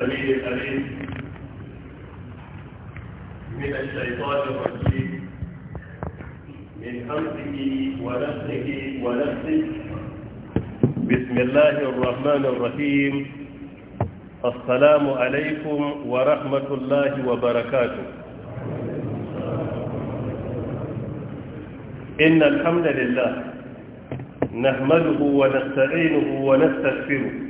السميع الأليم من الشيطان الرجيم من همزه ونفسه ونفسه بسم الله الرحمن الرحيم السلام عليكم ورحمة الله وبركاته إن الحمد لله نحمده ونستعينه ونستغفره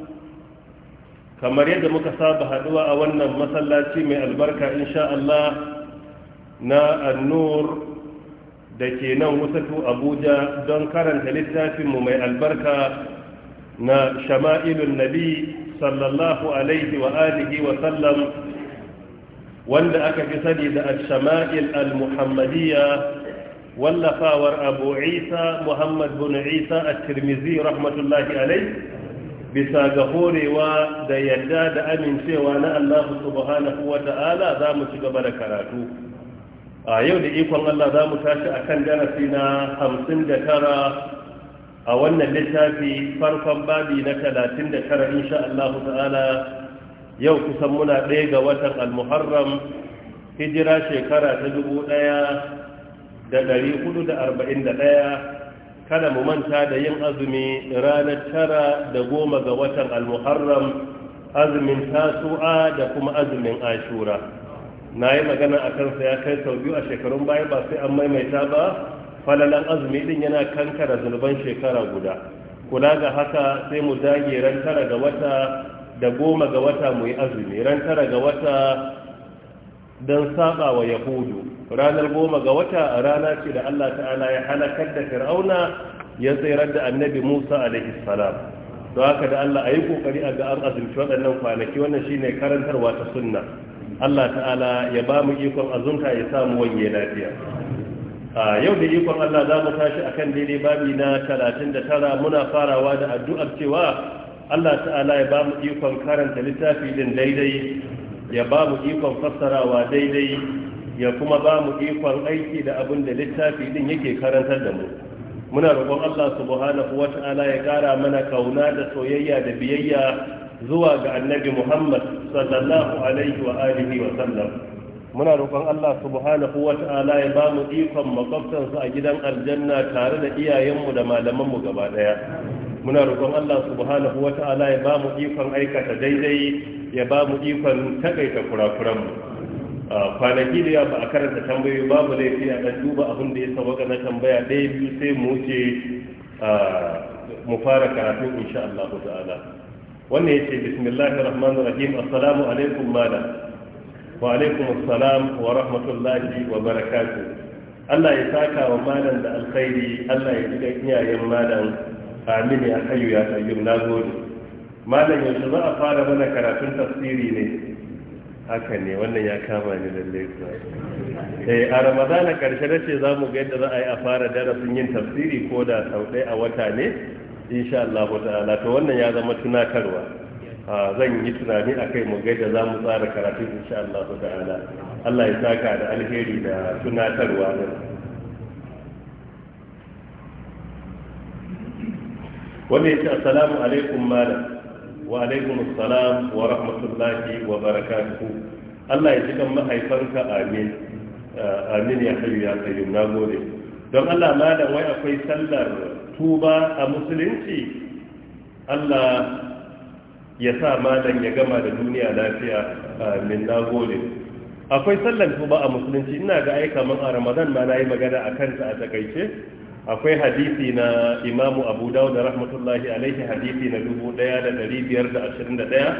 kamar yadda muka saba haduwa a wannan masallaci mai albarka insha Allah na annur da ke nan wasatu abuja don karanta littafinmu mai albarka na shama'ilun nabi sallallahu alaihi wa alihi wa sallam wanda aka fi sani da al-shama'il al-muhammadiyya wallafawar abu isa muhammad bin isa at-tirmidhi rahmatullahi alaihi bisa ga horewa da yadda da amincewa na Allah subhanahu wa ta'ala za mu ci gaba da karatu a yau da ikon Allah za mu tashi a kan darasi na hamsin da tara a wannan littafi farkon babi na talatin da tara insha Allah ta'ala yau kusan muna ɗaya ga watan al-muharram hijira shekara ta dubu ɗaya da ɗari hudu da arba'in da ɗaya kada mu manta da yin azumi ranar tara da goma ga watan almuharram azumin tasu'a da kuma azumin ashura na yi magana a kansa ya kai sau biyu a shekarun baya ba sai an maimaita ba falalan azumi din yana kankara zunuban shekara guda kula ga haka sai mu dage ran tara ga wata da goma ga wata mu yi azumi ran tara ga wata don saba wa yahudu ranar goma ga wata rana ce da Allah ta'ala ya halakar da fir'auna ya tsirar da annabi musa alaihi salam don haka da Allah a yi kokari a ga an azumci waɗannan kwanaki wannan shine karantarwa ta sunna Allah ta'ala ya ba mu ikon azumta ya samu wanye lafiya a yau da ikon Allah za mu tashi akan daidai babi na tara muna farawa da addu'ar cewa Allah ta'ala ya ba mu ikon karanta littafi din daidai ya ba mu ikon fassarawa daidai ya kuma ba mu ikon aiki da abin da littafi din yake karantar da mu muna roƙon Allah subhanahu wata'ala ya ƙara mana kauna da soyayya da biyayya zuwa ga annabi Muhammad sallallahu alaihi wa alihi wa sallam muna roƙon Allah subhanahu wata'ala ya ba mu ikon makwabtansu a gidan aljanna tare da iyayenmu da malamanmu gaba ɗaya muna roƙon Allah subhanahu ta'ala ya ba mu ikon aikata daidai ya ba mu ikon takaita kurakuran mu kwanaki da ba a karanta tambayoyi babu laifi a ɗan duba abin da ya sauka na tambaya ɗaya biyu sai mu wuce mu fara karatu insha Allah ta'ala wannan yace bismillahir rahmanir rahim assalamu alaikum malam wa alaikum assalam wa rahmatullahi wa barakatuh Allah ya saka wa malam da alkhairi Allah ya ji iyayen malam amini a hayu ya qayyum na gode malam yanzu za a fara mana karatun tafsiri ne haka ne wannan ya kama ni lalle eh a ramadana karshe da ce mu ga yadda za a yi a fara darasin yin tafsiri ko da sau ɗaya a wata ne insha Allah ta'ala to wannan ya zama tunatarwa zan yi tunani a kai mu ga yadda mu tsara karatun insha Allah ta'ala Allah ya saka da alheri da tunatarwa ne wanda ya ce assalamu alaikum malam wa alaikum assalam wa rahmatullahi wa barakatuhu Allah ya ji kan mahaifanka amin eh, amin ya hayu ya kayyum na gode don Allah malam wai akwai sallar tuba a musulunci Allah ya sa malam ya gama da duniya lafiya Amin na gode. akwai sallar tuba a musulunci ina ga aika man a ramadan ma na yi magana a kanta a takaice akwai hadisi na imamu abu dawud rahmatullahi alaihi hadisi na 1521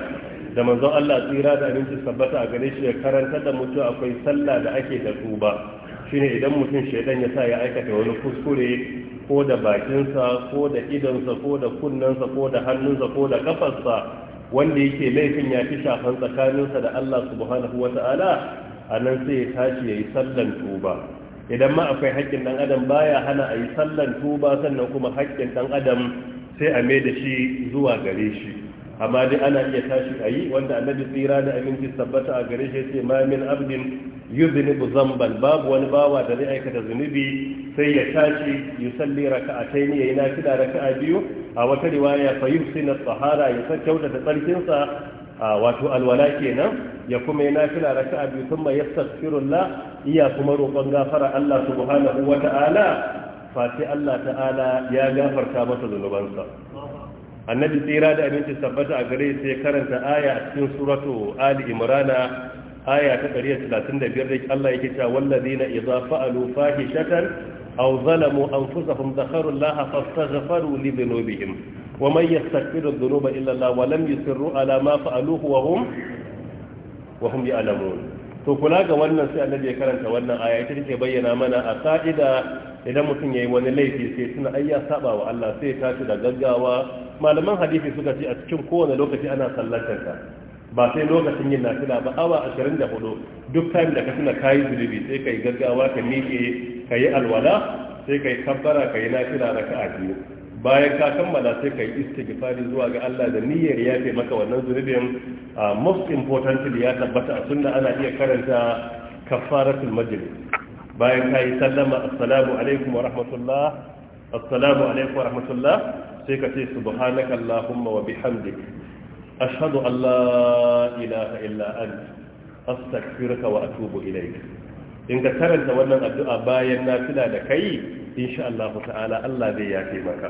da manzon Allah tsira da abinci sabbata a gare shi ya karanta da mutu akwai sallah da ake da tuba shine idan mutum shaidan ya sa ya aikata wani kuskure ko da bakinsa ko da idonsa ko da kunnensa ko da hannunsa ko da kafarsa wanda yake laifin ya fi shafan tsakaninsa da Allah subhanahu ta'ala, a nan sai ya tashi ya yi sallan tuba idan ma akwai haƙƙin ɗan adam baya hana a yi sallan tuba sannan kuma haƙƙin ɗan adam sai a mai da shi zuwa gare shi amma dai ana iya tashi a yi wanda annabi tsira da aminci tabbata a gare shi sai ma min abdin yuznibu zamban babu wani bawa da zai aikata zunubi sai ya tashi yusalli nafi da raka a biyu a wata riwaya fa na sahara ya kyautata tsarkinsa wato alwala kenan ya kuma yi nafila raka'a biyu sun mai yastaghfirullah iya kuma roƙon gafara Allah subhanahu wa ta'ala fati Allah ta'ala ya gafarta masa zunubansa annabi tsira da aminci tabbata a gare sai karanta aya a cikin suratu ali imrana aya ta 135 da Allah yake cewa wallazina idza fa'alu fahishatan aw zalamu anfusahum dhakaru Allah fastaghfaru li dhunubihim ومن يستغفر الذنوب الا الله ولم يسروا على ما فعلوه وهم وهم يعلمون to kula ga wannan sai annabi ya karanta wannan aya ita take bayyana mana a ka'ida idan mutum yayi wani laifi sai tuna ai ya Allah sai tashi da gaggawa malaman hadisi suka ce a cikin kowane lokaci ana sallatar ka ba sai lokacin yin nafila ba awa 24 duk time da ka tuna kayi zulubi sai kai gaggawa ka miƙe kayi alwala sai kai kabbara kayi nafila raka'a biyu bayan ka kammala sai ka yi istighfari zuwa ga Allah da niyyar yafe maka wannan zunubin ah, most important da ya tabbata a sunna ana iya karanta kafaratul majlis bayan ka yi sallama assalamu alaikum wa rahmatullah assalamu alaikum wa rahmatullah sai ka ce subhanaka allahumma wa bihamdik ashhadu an la ilaha illa ant astaghfiruka wa atubu ilaik in ka karanta wannan addu'a bayan nafila da kai insha Allah ta'ala Allah zai yafe maka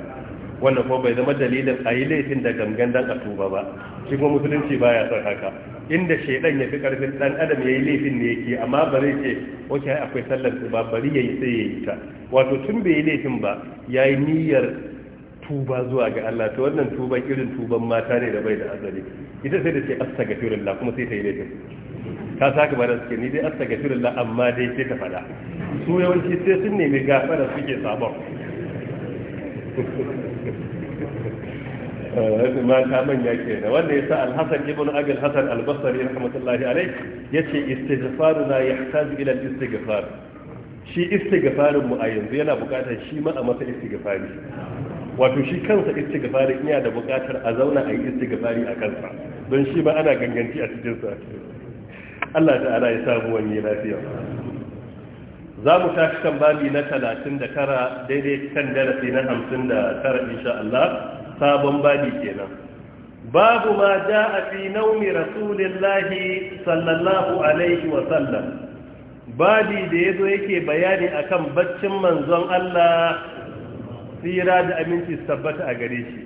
wannan ko bai zama dalilin a yi laifin da gangan dan a tuba ba shi kuma musulunci baya son haka inda shaidan ya fi karfin dan adam ya yi laifin ne yake amma bari ce ok akwai sallar tuba bari ya yi sai ya yi ta wato tun bai yi laifin ba ya yi niyyar tuba zuwa ga Allah to wannan tuba irin tuban mata ne da bai da azali ita sai da ce astagfirullah kuma sai ta yi laifin ka saka ka da suke ni dai astaghfirullah amma dai sai ka fada su yawanci sai sun nemi gafara suke sabon wasu eh, ta manya ke da wanda ya sa alhassan ibn abil hassan albasari rahmatullahi alai ya ce istighfaru na ya tazi ilal istighfar shi istighfarin mu a yanzu yana bukatar shi ma a masa istighfari wato shi kansa istighfarin yana da bukatar a zauna a yi istighfari a kansa don shi ba ana ganganci a cikin sa Allah ta'ala ya samu wani lafiya za mu tashi kan babi na talatin da tara daidai kan darasi na hamsin da tara insha Allah sabon babi kenan babu ma a fi naumi rasulillahi sallallahu alaihi wa sallam babi da ya zo yake bayani a kan baccin manzon Allah tsira da aminci tabbata a gare shi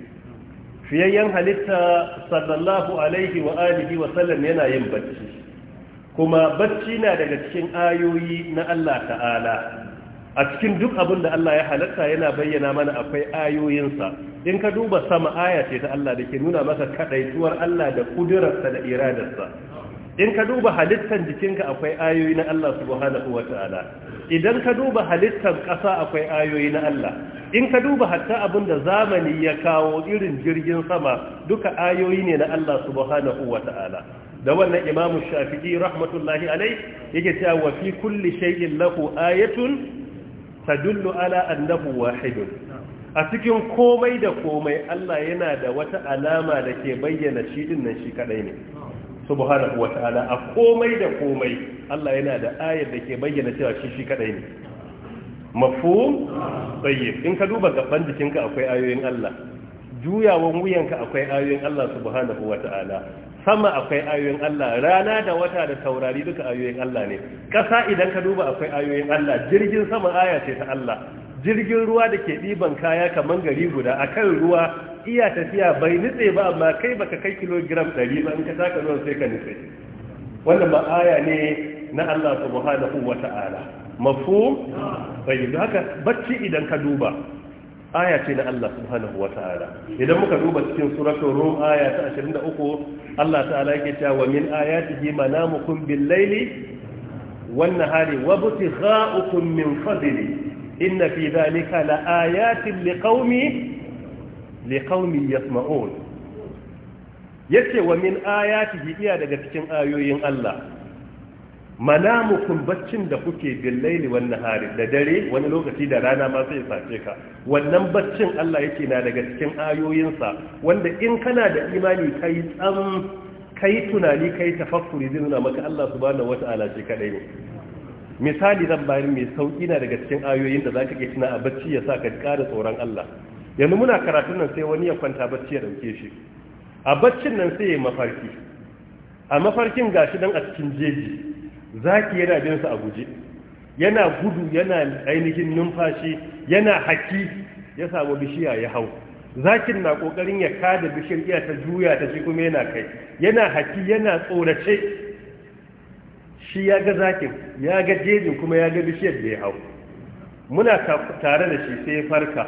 fiyayyen halitta sallallahu alaihi wa alihi wa sallam yana yin bacci kuma bacci na daga cikin ayoyi na Allah ta'ala a cikin duk abin da Allah ya halatta yana bayyana mana akwai ayoyinsa in ka duba sama aya ce ta Allah da ke nuna maka kadaituwar Allah da kudurarsa da iradarsa in ka duba halittar jikinka akwai ayoyi na Allah subhanahu wa ta'ala idan ka duba halittar ƙasa akwai ayoyi na Allah in ka duba hatta abin da zamani ya kawo irin jirgin sama duka ayoyi ne na Allah subhanahu wa ta'ala da wannan imamu shafi'i rahmatullahi alai yake cewa wa fi kulli shay'in lahu ayatun tadullu ala annahu wahidun a cikin komai da komai Allah yana da wata alama da ke bayyana shi din nan shi kadai ne subhanahu wataala a komai da komai Allah yana da ayar da ke bayyana cewa shi shi kadai ne mafhum tayyib in ka duba gaban jikinka akwai ayoyin Allah juyawan wuyanka akwai ayoyin Allah subhanahu wata'ala sama akwai ayoyin Allah rana da wata da taurari duka ayoyin Allah ne ƙasa idan ka duba akwai ayoyin Allah jirgin sama aya ce ta Allah jirgin ruwa da ke ɗiban kaya kamar gari guda a kan ruwa iya tafiya bai nutse ba amma kai baka kai kilogiram ɗari ba in ka taka ruwan sai ka nutse wannan ba aya ne na Allah subhanahu wa ta'ala mafhum bai haka bacci idan ka duba aya ce na Allah subhanahu wa ta'ala idan muka duba cikin suratul rum aya ta 23 Allah ta'ala yake cewa wa min ayatihi manamukum bil laili wan nahari wa butigha'ukum min fadli inna fi dhalika la ayatin liqaumi liqaumi yasma'un yace wa min ayatihi iya daga cikin ayoyin Allah manamukum baccin da kuke billaili wani nahari da dare wani lokaci da rana ma sai sace ka wannan baccin Allah yake na daga cikin ayoyinsa wanda in kana da imani kai tsam kai tunani kai tafakkuri zai nuna maka Allah subhanahu wata'ala shi kadai ne misali zan bayar mai sauki na daga cikin ayoyin da zaka ke tuna a bacci ya sa ka ƙara tsoron Allah yanzu muna karatun nan sai wani ya kwanta bacci ya dauke shi a baccin nan sai ya mafarki a mafarkin gashi dan a cikin jeji ki yana bin a guje yana gudu yana ainihin numfashi yana haki ya samu bishiya ya hau zakin na kokarin ya kada bishiyar iya ta juya ta shi kuma yana kai yana haki yana tsorace shi ya ga zakin ya ga jejin kuma ya ga bishiyar da ya hau muna tare da shi sai farka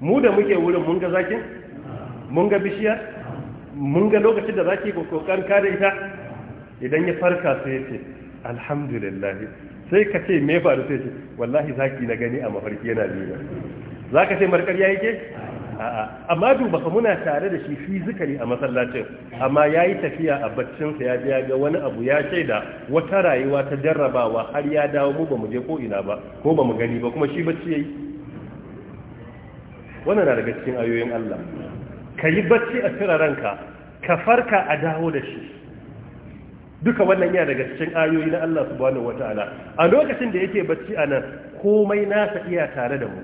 mu da muke wurin mun ga zakin mun ga bishiyar mun ga lokacin da zaki kokarin kada ita idan ya farka sai ya ce alhamdulillah sai ka ce me faru sai ce wallahi zaki na gani a mafarki yana nuna za ka ce markar ya yi ke? amma duba ka muna tare da shi fi zikari a masallacin amma ya yi tafiya a baccinsa ya biya ga wani abu ya ce da wata rayuwa ta jarrabawa har ya dawo mu ba mu je ko ina ba ko ba mu gani ba kuma shi bacci ya yi wannan na daga cikin ayoyin Allah ka yi bacci a tsira ranka ka farka a dawo da shi duka wannan yana daga cikin ayoyi na Allah subhanahu wataala a lokacin da yake bacci a nan komai nasa iya tare da mu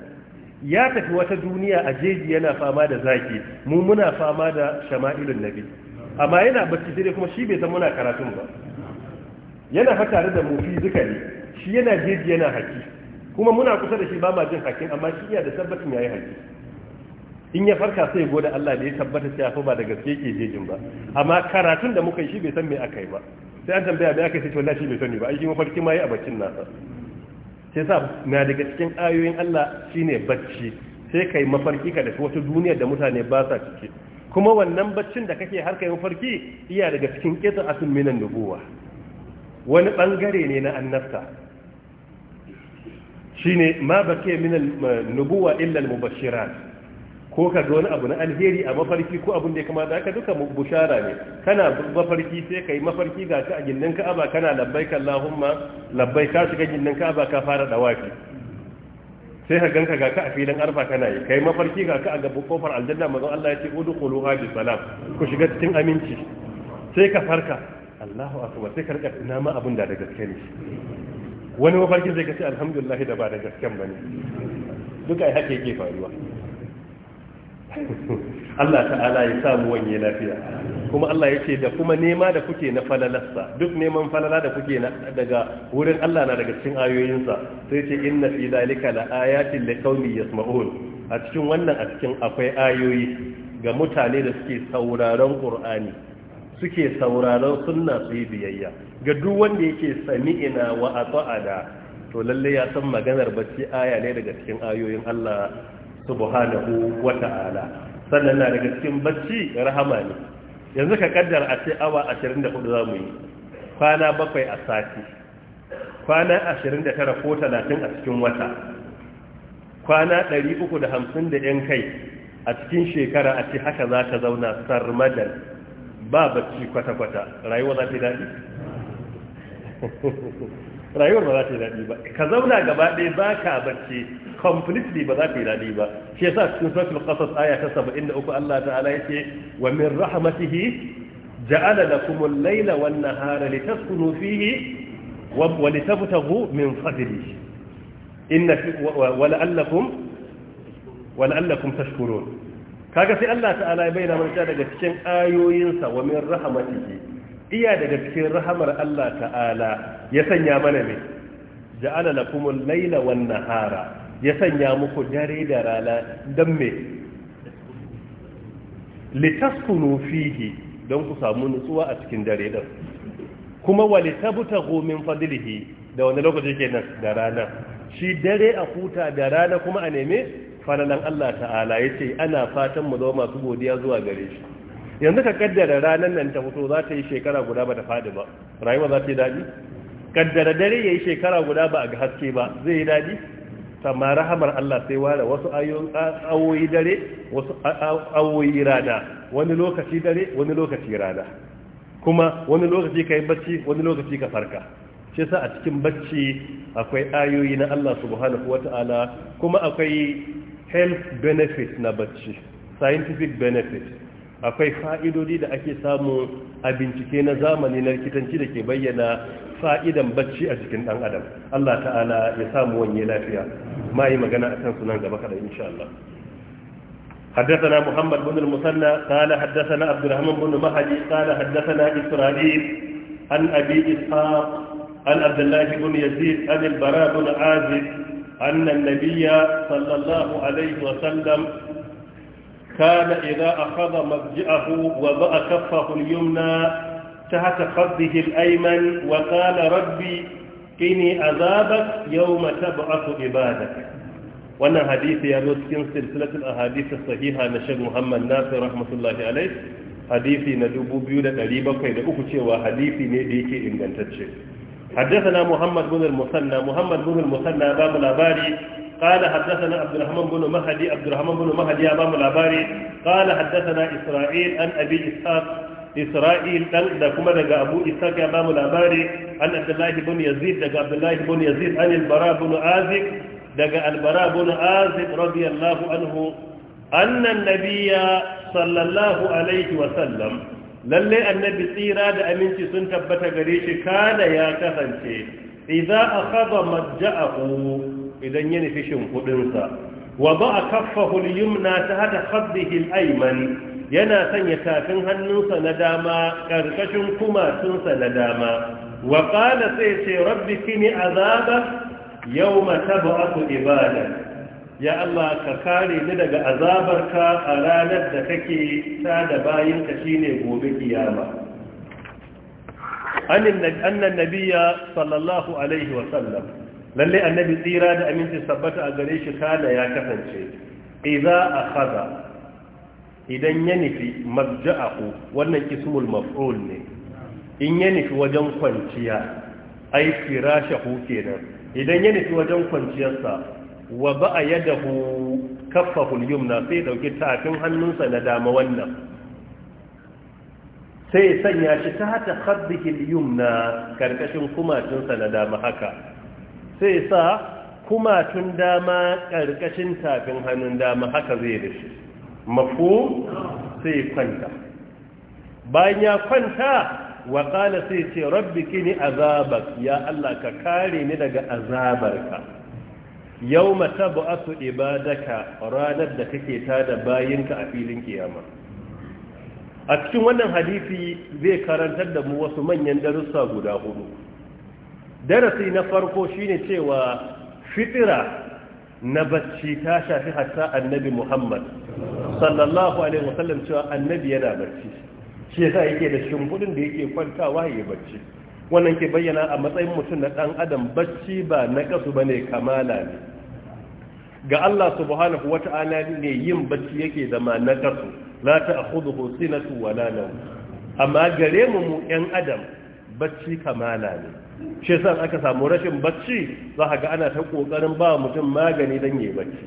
ya tafi wata duniya a jeji yana fama da zaki mu muna fama da shama'ilun nabi amma yana bacci sai kuma shi bai san muna karatun ba yana fa tare da mu fi ne shi yana jeji yana haki kuma muna kusa da shi ba ma jin hakin amma shi iya da tabbacin yayi haki in ya farka sai ya gode Allah da ya tabbata cewa fa ba da gaske yake jejin ba amma karatun da muka yi shi bai san me aka yi ba sai an tambaya da aka yi to lashi bai sani ba ai mafarki ma yi a baccin nasa sai sa na daga cikin ayoyin Allah shine bacci sai kai mafarki ka da wata duniya da mutane ba sa ciki kuma wannan baccin da kake har kai mafarki iya daga cikin asin minan nubuwa wani bangare ne na annabta shine ma bake minan eh, nubuwa illa al-mubashirat ko ka ga wani abu na alheri a mafarki ko abin da ya kamata haka duka bushara ne kana mafarki sai kai mafarki ga ka a gindin ka'aba kana labbaika Allahumma labbaik ka shiga gindin ka'aba ka fara dawafi sai ka ganka ga ka a filin arfa kana yi kai mafarki ga ka a gaban kofar aljanna manzon Allah ya ce udkhulu hadi salam ku shiga cikin aminci sai ka farka Allahu akbar sai ka rika ina ma abin da da gaske ne wani mafarki zai ka ce alhamdulillah da ba da gaske bane duka ai haka yake faruwa Allah ta'ala ya samu wanye lafiya kuma Allah ya ce da kuma nema da kuke na falalarsa duk neman falala da kuke daga wurin Allah na daga cikin ayoyinsa sai ce inna fi zalika la ayatin li qaumi yasma'un a cikin wannan a cikin akwai ayoyi ga mutane da suke sauraron Qur'ani suke sauraron sunna su yi biyayya ga duk wanda yake sami'ina wa ata'ada to lalle ya san maganar bacci aya ne daga cikin ayoyin Allah subhanahu wa ta'ala sannan na daga cikin bacci rahama ne yanzu ka kaddar a ce awa 24 za mu yi kwana bakwai a sati kwana 29 ko 30 a cikin wata kwana 350 da yan kai a cikin shekara a ce haka za ta zauna sarmadan ba bacci kwata-kwata rayuwa za ta daɗi rayuwar ba za ta yi daɗi ba ka zauna gaba ɗaya ba ka bacci completely ba za ta yi daɗi ba shi yasa cikin suratul qasas aya ta uku Allah ta'ala yace wa min rahmatihi ja'ala lakum al-layla wan nahara litaskunu fihi wa litabtaghu min fadlihi inna wa la'allakum wa la'allakum tashkurun kaga sai Allah ta'ala ya bayyana mana daga cikin ayoyinsa wa min rahmatihi iya daga cikin rahamar Allah ta'ala ya sanya mana ne ja'ala al laila wan nahara ya sanya muku dare da rana dan me litaskunu fihi don ku samu nutsuwa a cikin dare din kuma walitabtaghu min fadlihi da wani lokaci kenan da rana shi dare a huta da rana kuma a neme falalan Allah ta'ala yace ana fatan mu zama masu godiya zuwa gare shi yanzu ka kaddara ranar nan ta fito za ta yi shekara guda ba ta faɗi ba rayuwa za ta yi daɗi kaddara dare ya yi shekara guda ba a ga haske ba zai yi daɗi amma rahamar Allah sai ware wasu awoyi dare wasu awoyi rana wani lokaci dare wani lokaci rana kuma wani lokaci ka yi bacci wani lokaci ka farka shi sa a cikin bacci akwai ayoyi na Allah subhanahu wata'ala kuma akwai health benefit na bacci scientific benefit akwai fa'idodi da ake samu a bincike na zamani na rikitanci da ke bayyana fa'idan bacci a cikin ɗan adam Allah ta'ala ya samu wanye lafiya ma yi magana a kansu sunan gaba kaɗa insha Allah حدثنا محمد بن المثنى قال حدثنا عبد الرحمن بن مهدي قال حدثنا إسرائيل عن أبي إسحاق عن عبد الله بن يزيد عن البراء bin عازب أن النبي صلى الله عليه وسلم كان إذا أخذ مضجعه وضع كفه اليمنى تحت خده الأيمن وقال ربي قني عذابك يوم تبعث عبادك wannan hadisi ya zo cikin silsilatul ahadith sahiha na Sheikh Muhammad Nasir rahmatullahi alayh hadisi na 2703 cewa hadisi ne da yake ingantacce haddathana Muhammad bin al Muhammad bin al babu labari قال حدثنا عبد الرحمن بن مهدي عبد الرحمن بن مهدي أمام العباري قال حدثنا إسرائيل عن أبي إسحاق إسرائيل دل دا كما دا أبو إسحاق أمام العباري عن عبد الله بن يزيد دا عبد الله بن يزيد عن البراء بن آزب دا البراء بن آزب رضي الله عنه أن النبي صلى الله عليه وسلم للي النبي سيرا دا أمينتي سنتبت غريش كان يا كثنتي إذا أخذ مجأه idan ya nufi shimfiɗinsa wa ba a kaffahu yumna ta hada khaddihil aiman. yana sanya tafin hannunsa na dama ƙarƙashin kumatunsa na dama wa qala sai ce rabbi kini azaba yawma tab'atu ibada ya Allah ka kare ni daga azabarka a ranar da kake ta da bayinka shine gobe kiyama annan nabiyya sallallahu alaihi wa sallam lalle annabi tsira da aminci sabbata a gare shi kana ya kasance a akhadha idan ya nufi mabja'ahu wannan ismul maf'ul ne in ya nufi wajen kwanciya ai firashahu kenan idan ya nufi wajen kwanciyarsa wa ba'a yadahu kaffahul yumna sai dauki tafin hannunsa na dama wannan sai sanya shi ta hata khaddihi al-yumna karkashin kumatinsa na dama haka sai sa kumatun dama ƙarƙashin tafin hannun dama haka zai da shi mafu sai kwanta bayan ya kwanta wa sai ce rabbi kini azabar? ya Allah ka kare ni daga azabarka yau mata bu'asu ibadaka ranar da kake tada bayinka a filin kiyama a cikin wannan hadisi zai karantar da mu wasu manyan darussa guda hudu darasi na farko shine cewa fitira na bacci ta shafi hatta annabi Muhammad sallallahu alaihi wasallam cewa annabi yana bacci shi yasa yake da shimbudin da yake kwantawa yayi bacci wannan ke bayyana a matsayin mutum na dan adam bacci ba na kasu bane kamala ne ga Allah subhanahu wata'ala ne yin bacci yake zama na kasu la ta'khudhu sinatu wala nawm amma gare mu mu yan adam bacci kamala ne shi yasa aka samu rashin bacci za ka ga ana ta kokarin ba mutum magani dan yayi bacci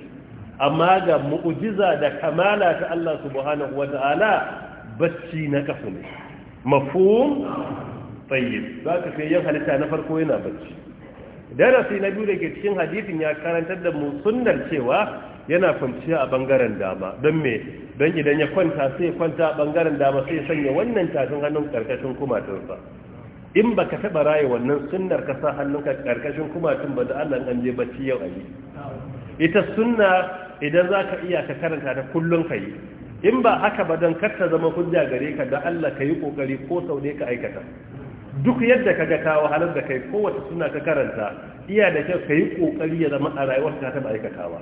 amma ga mu'ujiza da kamala ta Allah subhanahu ta'ala bacci na kafu ne mafhum tayyib ka sai yan halitta na farko yana bacci darasi na biyu da ke cikin hadisin ya karantar da mu sunnar cewa yana kwanciya a bangaren dama don me don idan ya kwanta sai kwanta a bangaren dama sai ya sanya wannan tafin hannun karkashin kumatunsa in baka taba raye wannan sunnar ka sa hannunka karkashin tun ba da Allah an je bacci yau ayi ita sunna idan zaka iya ka karanta ta kullun kai in ba haka ba dan karta zama hujja gare ka da Allah kai kokari ko sau ka aikata duk yadda kaga ta wahalar da kai kowace sunna ka karanta iya da kyau kai kokari ya zama a rayuwar ka ta aikatawa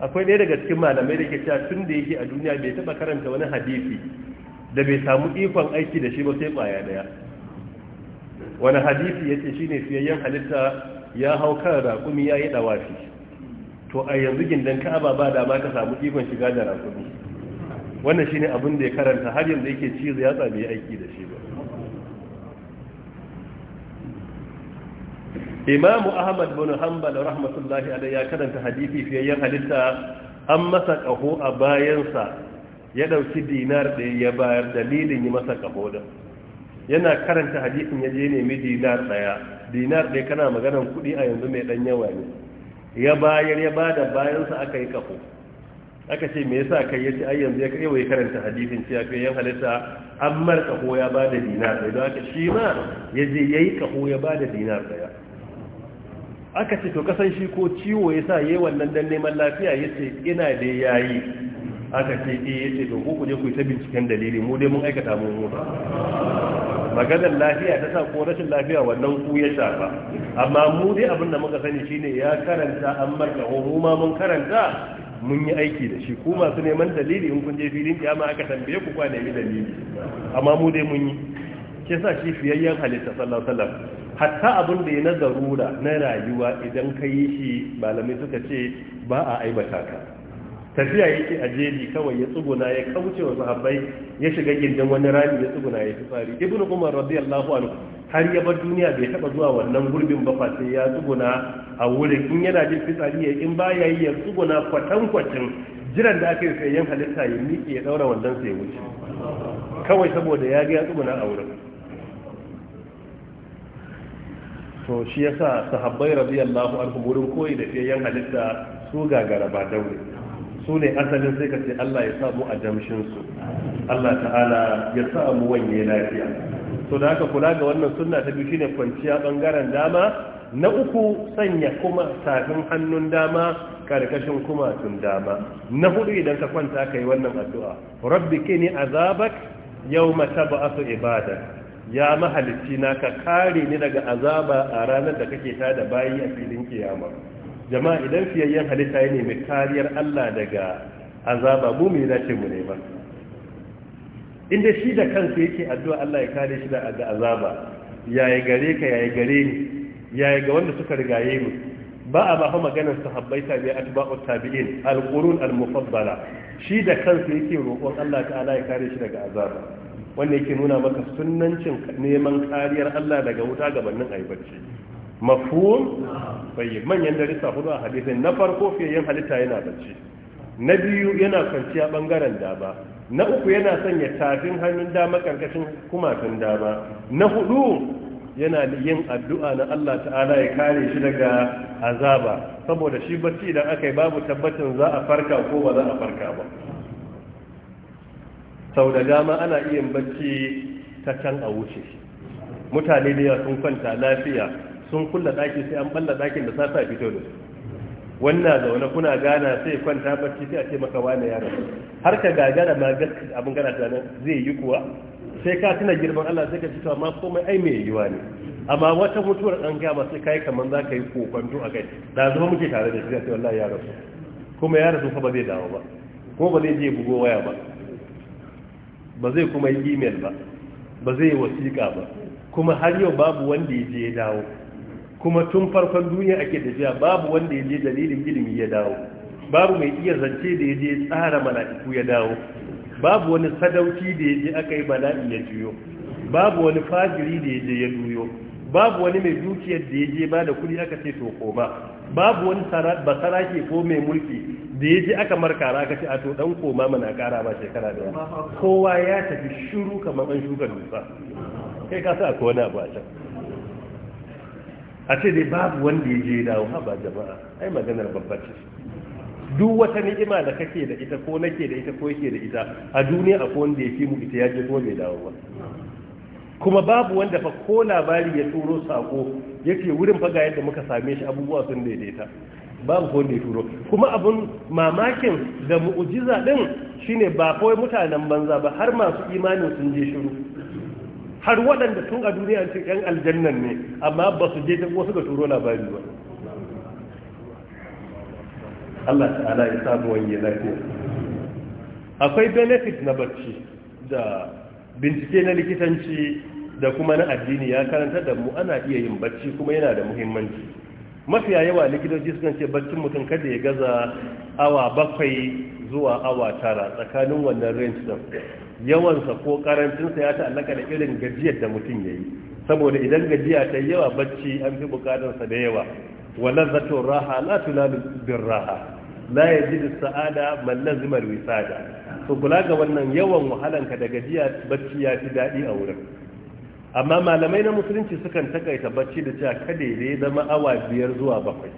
akwai ɗaya daga cikin malamai da ke cewa tun da yake a duniya bai taba karanta wani hadisi da bai samu ikon aiki da shi ba sai kwaya daya wani hadisi ya ce shi ne siyayyen halitta ya hau kan raƙumi ya yi ɗawafi to a yanzu gindin ka'aba ba da ma ka samu ikon shiga da raƙumi wannan shi ne abin da ya karanta har yanzu yake cizo ya tsami aiki da shi ba imamu ahmad bin hanbal rahmatullahi alaihi ya karanta hadisi fiyayyen halitta an masa ƙaho a bayansa ya ɗauki dinar ɗaya ya bayar dalilin yi masa ƙaho din yana karanta hadisin ya je nemi dinar daya dinar dai kana maganar kuɗi a yanzu mai dan yawa ne ya bayar ya bada bayansa aka yi kafo aka ce me yasa kai yace ai yanzu ya kai karanta hadisin cewa kai yan halitta an kafo ya bada dinar daya don haka shi ma ya je yayi kafo ya bada dinar daya aka ce to kasan shi ko ciwo yasa yayi wannan dan neman lafiya yace ina da yayi aka ce eh, ya ce to ku je ku ta binciken dalili mu dai mun aikata mun mutu maganar lafiya ta sa ko rashin lafiya wannan ku ya shafa amma mu dai abin da muka sani shine ya karanta an marka mu ma mun karanta mun yi aiki da shi ku masu neman dalili in kun je filin kiyama aka tambaye ku kwa nemi dalili amma mu dai mun yi ke sa shi fiyayyen halitta sallallahu alaihi hatta abin da ya na zarura na rayuwa idan ka yi shi malamai suka ce ba a aibata ka tafiya yake a jeji kawai ya tsuguna ya kauce wa sahabbai ya shiga gindin wani rami ya tsuguna ya fitsari ibnu umar radiyallahu anhu har ya bar duniya bai taba zuwa wannan gurbin ba fa sai ya tsuguna a wurin in yana jin fitsari ya in baya yi ya tsuguna kwatan kwatin jiran da aka yi sai yan halitta ya miƙe ya daura wannan sai wuce kawai saboda ya ga ya tsuguna a wurin to shi yasa sahabbai radiyallahu anhu wurin koyi da sayan halitta su gagara ba daure su ne asalin sai ka ce Allah ya samu a jamshinsu Allah ta'ala ya samu wanye lafiya so da haka kula ga wannan sunna ta biyu shine kwanciya bangaren dama na uku sanya kuma tafin hannun dama karkashin kumatun dama na hudu idan ka kwanta ka yi wannan addu'a rabbi kini azabak mata ba'asu ibada. ya mahalicci na ka kare ni daga azaba a ranar da kake tada bayi a filin kiyama jama'a idan fiyayyen halitta ya nemi kariyar Allah daga azaba mu me dace mu ne ba inda shi da kansa yake addu'a Allah ya kare shi daga azaba yayi gare ka yayi gare ni yayi ga wanda suka rigaye mu ba a ba fa maganar sahabbai tabi'i atba'u tabi'in alqurun almufaddala shi da kansa yake roƙon Allah ta'ala ya kare shi daga azaba wanda yake nuna maka sunnancin neman kariyar Allah daga wuta gabanin ayi mafhum tayyib manyan risa hudu a hadisin na farko fiye yin halitta yana bacci na biyu yana kwanciya bangaren dama na uku yana sanya tafin hannun dama karkashin kumafin dama na hudu yana yin addu'a na Allah ta'ala ya kare shi daga azaba saboda shi bacci idan aka yi babu tabbacin za a farka ko ba za a farka ba sau da dama ana iya bacci ta can a wuce mutane da sun kwanta lafiya sun kulla daki sai an balla dakin da a fito da su wannan zaune kuna gana sai kwanta barci sai a ce maka wani yaro har ka gagara ma gaskiya abin gana tunanin zai yi kuwa sai ka tuna girman Allah sai ka ci amma komai ai mai yiwa ne amma wata mutuwar an ba sai kai kaman za ka yi kokonto a kai da zuwa muke tare da shi sai wallahi ya rasu kuma ya rasu fa ba zai dawo ba ko ba zai je bugo waya ba ba zai kuma yi email ba ba zai yi wasiƙa ba kuma har yau babu wanda ya je ya dawo kuma tun farkon duniya ake tafiya babu wanda ya je dalilin ilimi ya dawo babu mai iya zance da ya je tsara mala'iku ya dawo babu wani sadauki da ya je aka yi bala'i ya juyo babu wani fajiri da ya je ya juyo babu wani mai dukiyar da ya je ba da kuɗi aka ce to koma babu wani basarake ko mai mulki da ya je aka markara aka ce a to dan koma mana kara ba shekara da kowa ya tafi shiru kamar an shuka dusa kai ka sa akwai wani abu a can a ce dai babu wanda ya je dawo ha ba jama'a ai maganar babbar ce duk wata ni'ima da kake da ita ko nake da ita ko yake da ita a duniya akwai wanda ya fi mu ita ya je ko bai dawo ba kuma babu wanda fa ko labari ya turo sako yake wurin faga yadda muka same shi abubuwa sun daidaita babu ko wanda ya turo kuma abun mamakin da mu'ujiza din shine ba kawai mutanen banza ba har masu imanin sun je shiru har waɗanda tun a duniya ce yan aljannan ne amma ba su je ta wasu ga turo labari ba Allah ta'ala ya samu wani lafiya akwai benefit na barci da bincike na likitanci da kuma na addini ya karanta da mu ana iya yin barci kuma yana da muhimmanci mafiya yawa likitoci sukan ce barcin mutum kada ya gaza awa bakwai zuwa awa tara tsakanin wannan range yawansa ko karancinsa ya ta'allaka da irin gajiyar da mutum ya yi saboda idan gajiya ta yawa bacci an fi bukatarsa da yawa wa zaton raha la tunalu bin raha la yajidu sa'ada man lazimar wisada to kula ga wannan yawan wahalan ka da gajiya bacci ya fi daɗi a wurin amma malamai na musulunci sukan takaita bacci da cewa kada ya zama awa biyar zuwa bakwai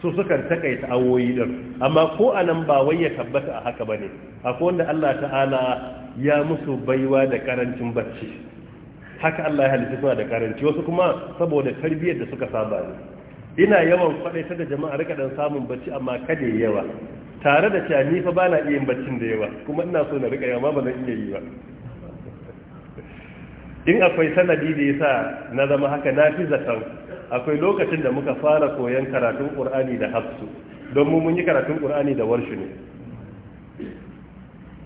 su sukan takaita awoyi din amma ko anan ba wai ya tabbata a haka bane akwai wanda Allah ta'ala ya musu baiwa da karancin bacci haka Allah ya halitta suna da karanci wasu kuma saboda tarbiyyar da suka saba ne ina yawan faɗaita da jama'a rika dan samun barci amma kada yawa tare da cewa ni fa bana iya yin baccin da yawa kuma ina so na rika yawa ba zan iya yi ba in akwai sanadi da yasa na zama haka na fi zaton akwai lokacin da muka fara koyon karatun ƙur'ani da hafsu don mu mun yi karatun ƙur'ani da warshi ne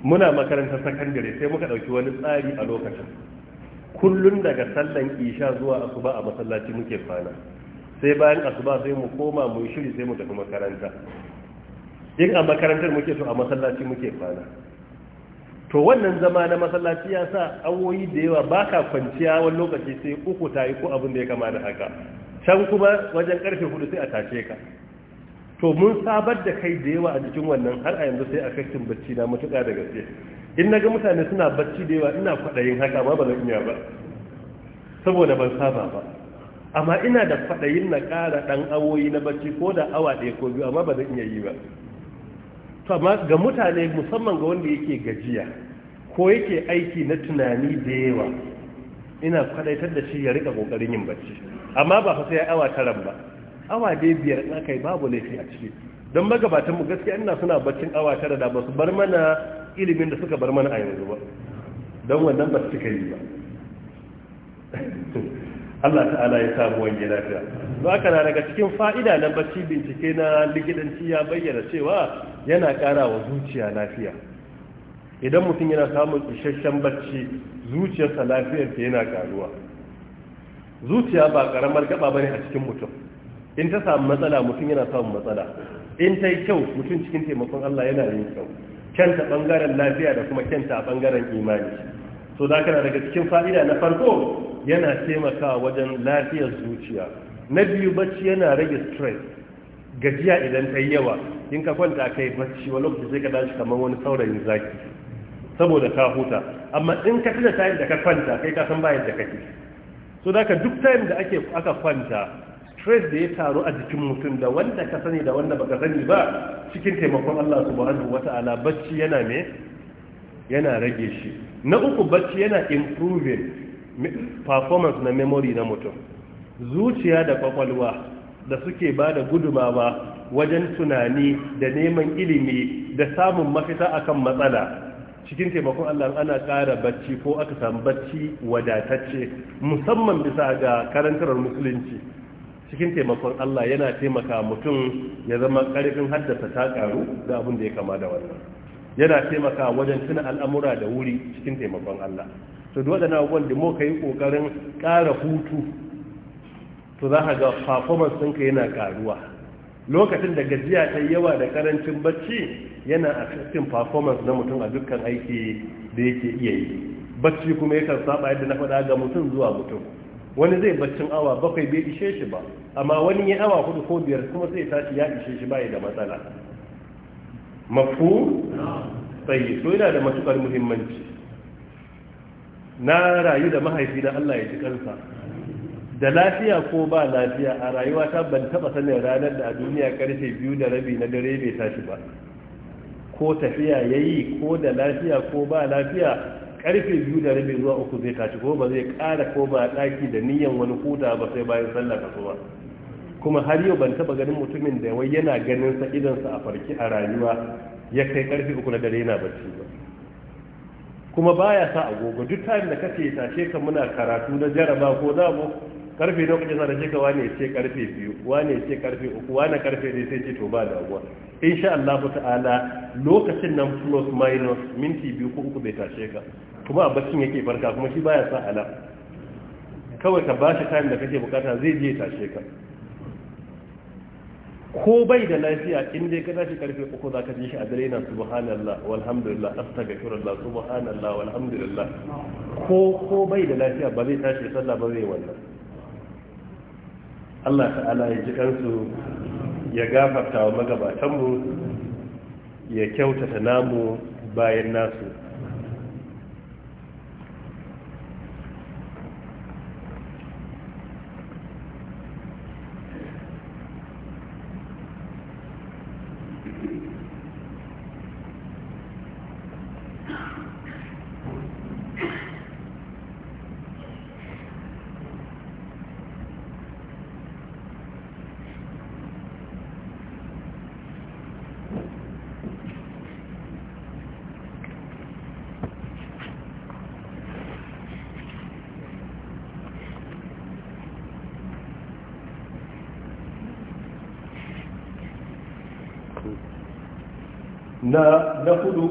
muna makarantar sakandare sai muka ɗauki wani tsari a lokacin kullun daga sallan isha zuwa asuba a masallaci muke kwana sai bayan asuba sai mu koma mu yi shiri sai mu tafi makaranta in a makarantar muke so a masallaci muke kwana to wannan zama na masallaci ya sa awoyi da yawa ba ka kwanciya wani lokaci sai uku ta yi ko abin da ya kama da haka can kuma wajen karfe hudu sai a tashe ka to mun sabar da kai da yawa a jikin wannan har a yanzu sai a kashin bacci na matuƙa da gaske in na ga mutane suna bacci da yawa ina kwaɗayin haka amma ba zan iya ba saboda ban saba ba amma ina da kwaɗayin na ƙara ɗan awoyi na bacci ko da awa ɗaya ko biyu amma ba zan iya yi ba to amma ga mutane musamman ga wanda yake gajiya ko yake aiki na tunani da yawa ina kwaɗaitar da shi ya riƙa ƙoƙarin yin bacci amma ba fa sai awa taran ba awa dai biyar in aka yi babu laifi a ciki don magabatan mu gaskiya ina suna baccin awa tara da ba su bar mana ilimin da suka bar mana a yanzu ba don wannan ba su cika yi ba Allah ta'ala ya samu wange lafiya don aka na daga cikin fa'ida na bacci bincike na likitanci ya bayyana cewa yana kara wa zuciya lafiya idan mutum yana samun isasshen bacci zuciyarsa ta yana karuwa. zuciya ba karamar gaba bane a cikin mutum in ta samu matsala mutum yana samun matsala in ta yi kyau mutum cikin taimakon Allah yana yin kyau kyanta bangaren lafiya da kuma kyanta a bangaren imani so da kana daga cikin fa'ida na farko yana taimakawa wajen lafiyar zuciya na biyu bacci yana rage stress gajiya idan ta yi yawa in ka kwanta kai bacci wani lokaci sai ka dace kamar wani saurayin zaki saboda ka huta amma in ka tuna tayin da ka kwanta kai ka san bayan da kake so da ka duk time da ake aka kwanta stress da ya taru a jikin mutum da wanda ka sani da wanda baka sani ba cikin taimakon Allah subhanahu wata'ala bacci yana me yana rage shi na uku bacci yana improving performance na memory na mutum zuciya da kwakwalwa da suke ba da gudumawa wajen tunani da neman ilimi da samun mafita akan matsala cikin taimakon Allah ana ƙara bacci ko aka samu bacci wadatacce musamman bisa ga karantarar musulunci cikin taimakon Allah yana taimaka mutum ya zama ƙarfin haddasa ta ƙaru da abin da ya kama da wannan yana taimaka wajen tuna al'amura da wuri cikin taimakon Allah to duk da nawa wanda muka yi ƙoƙarin ƙara hutu to za ka ga performance ɗinka yana ƙaruwa lokacin da gajiya ta yi yawa da karancin bacci yana cikin performance na mutum a dukkan aiki da yake iya yi bacci kuma yakan saba yadda na faɗa ga mutum zuwa mutum wani zai baccin awa bakwai bai ishe shi ba amma wani ya awa hudu ko biyar kuma sai tashi ya ishe shi bai da matsala mafu tsaye so yana da matukar muhimmanci na rayu da mahaifi na Allah ya ji kansa da lafiya ko ba lafiya a rayuwa ta ban taba sanin ranar da a duniya karfe biyu da rabi na dare bai tashi ba ko tafiya ya yi ko da lafiya ko ba lafiya karfe biyu da rabi zuwa uku zai tashi ko ba zai kara ko ba daki da niyan wani huta ba sai bayan sallah zuwa kuma har yau ban taba ganin mutumin da wai yana ganin sa idan sa a farki a rayuwa ya kai karfe uku na dare yana bacci ba kuma baya sa agogo duk time da kake tashe ka muna karatu na jaraba ko dabo karfe kuke sa da jika wane ce karfe biyu wane ce karfe uku wane karfe dai sai ce to ba da abuwa insha Allah ta'ala lokacin nan plus minus minti biyu ko uku bai tashe ka kuma a baccin yake farka kuma shi baya sa ala kawai ka bashi time da kake bukata zai je tashe ka ko bai da lafiya in dai ka tashi karfe uku za ka ji shi a dare na subhanallah walhamdulillah astaghfirullah subhanallah walhamdulillah ko ko bai da lafiya ba zai tashi sallah ba zai wannan Allah ta'ala ya ji kansu ya gafarta wa magabatanmu ya kyautata namu bayan nasu na na hudu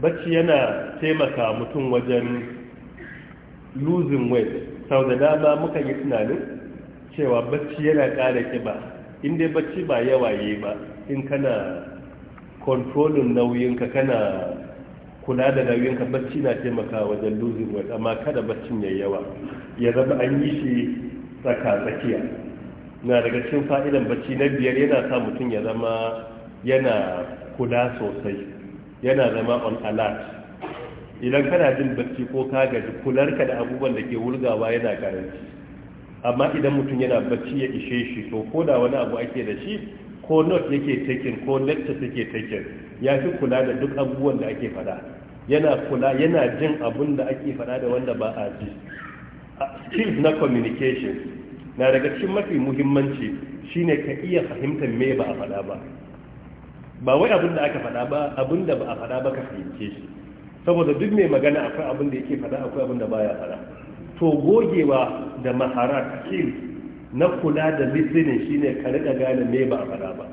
bacci yana taimaka mutum wajen losing weight sau da dama muka yi tunanin cewa bacci yana ƙara ƙiba in bacci ba yawa yi ba in kana kontrolin nauyinka kana kula da nauyinka bacci na taimaka wajen losing weight amma kada baccin ya yawa ya zama an yi shi tsaka tsakiya na daga cikin fa'idan bacci na biyar yana sa mutum ya zama yana kula sosai yana zama on alert idan kana jin barci ko ka gaji kularka da abubuwan da ke wulgawa yana karanci amma idan mutum yana barci ya ishe shi to ko da wani abu ake da shi ko not yake taken ko lecture take taken ya fi kula da duk abubuwan da ake fada yana kula yana jin abun da ake fada da wanda ba a ji skills na communication na daga cikin mafi muhimmanci shine ka iya fahimtar me ba a fada ba ba wai abin da aka faɗa ba abin da ba a faɗa ba ka fahimce shi saboda duk mai magana akwai abin da yake faɗa akwai abin da baya faɗa to gogewa da mahara skill na kula da listening shine ka riƙa gane me ba a faɗa ba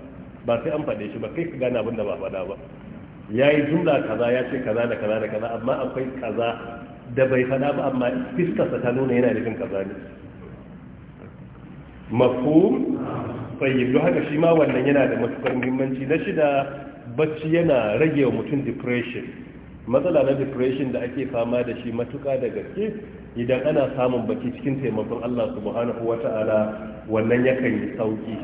ba sai an faɗe shi ba kai ka gane abin da ba a faɗa ba ya yi jumla kaza ya ce kaza da kaza da kaza amma akwai kaza da bai faɗa ba amma fiskarsa ta nuna yana nufin kaza ne mafhum tsayyib don haka shi ma wannan yana da matukar muhimmanci na da bacci yana rage wa mutum depression matsala na depression da ake fama da shi matuka da gaske idan ana samun bacci cikin taimakon Allah subhanahu ta'ala wannan yakan yi sauki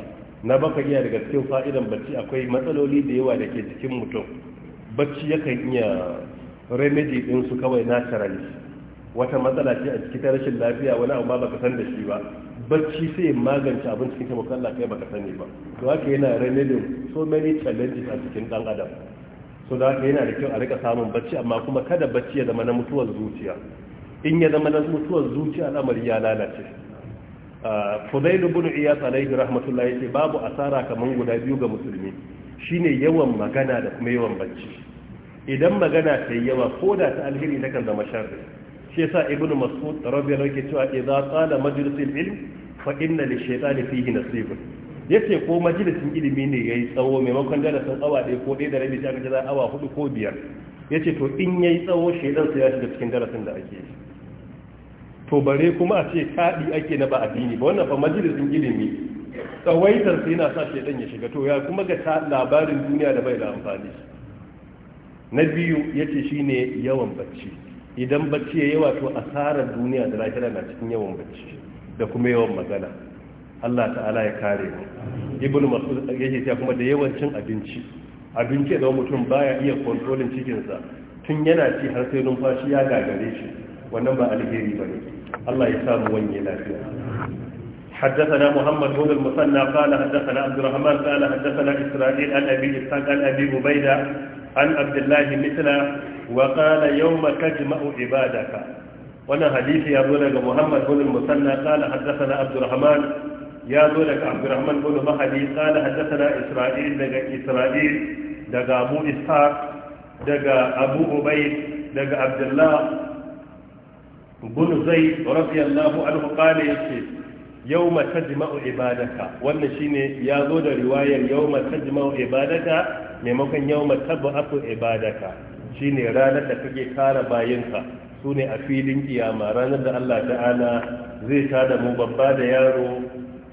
na baka iya daga cikin fa'idan bacci akwai matsaloli da yawa da ke cikin mutum bacci yakan iya remedy din su kawai naturally wata matsala ce a cikin rashin lafiya wani abu ba baka san da shi ba bacci sai magance abin cikin taimakon Allah kai baka sani ba to haka yana remedying so many challenges a cikin dan adam so da haka yana da kyau a rika samun bacci amma kuma kada bacci ya zama na mutuwar zuciya in ya zama na mutuwar zuciya al'amari ya lalace ah, Fudayl ibn Iyas alayhi rahmatullah yace babu asara kaman guda biyu ga musulmi shine yawan magana da kuma yawan bacci idan magana ta yawa ko da ta alheri takan zama sharri shi yasa ibnu mas'ud radiyallahu anhu ke cewa idza qala majlisul ilm fa inna lishaytani fihi nasibun yace ko majalisin ilimi ne yayi tsawo maimakon darasin awa ɗaya ko ɗaya da rabi sai aka ce za awa hudu ko biyar yace to in yayi tsawo shedan sai ya shiga cikin darasin da ake yi to bare kuma a ce kaɗi ake na ba addini ba wannan fa majalisin ilimi tsawaitar sai yana sa shedan ya shiga to ya kuma ga labarin duniya da bai da amfani na biyu yace shine yawan bacci idan bacci ya yi wato asarar duniya da lahira na cikin yawan bacci da kuma yawan magana Allah ta'ala ya kare mu ibnu mas'ud yake cewa kuma da yawancin abinci abinci da mutum baya iya kontrolin cikinsa tun yana ci har sai numfashi ya gagare shi wannan ba alheri bane Allah ya samu wani lafiya حدثنا محمد بن المثنى قال حدثنا عبد الرحمن قال حدثنا اسرائيل عن ابي اسحاق عن أبي عن عبد الله مثل wa qala yawma tajma'u ibadaka wannan hadisi ya zo daga Muhammad bin Musanna haddasa na Abdurrahman ya zo daga Abdurrahman mahadi Mahdi haddasa na Isra'il daga Isra'il daga Abu Ishaq daga Abu Ubayd daga Abdullah bin Zaid radiyallahu anhu ya ce, yau matajima'u ibadaka wannan shi ne ya zo da riwayar yau matajima'u ibadaka maimakon yau matabu ibadaka shine ranar da kake kara bayinka su ne a filin kiyama ranar da Allah ta'ala zai da mu babba da yaro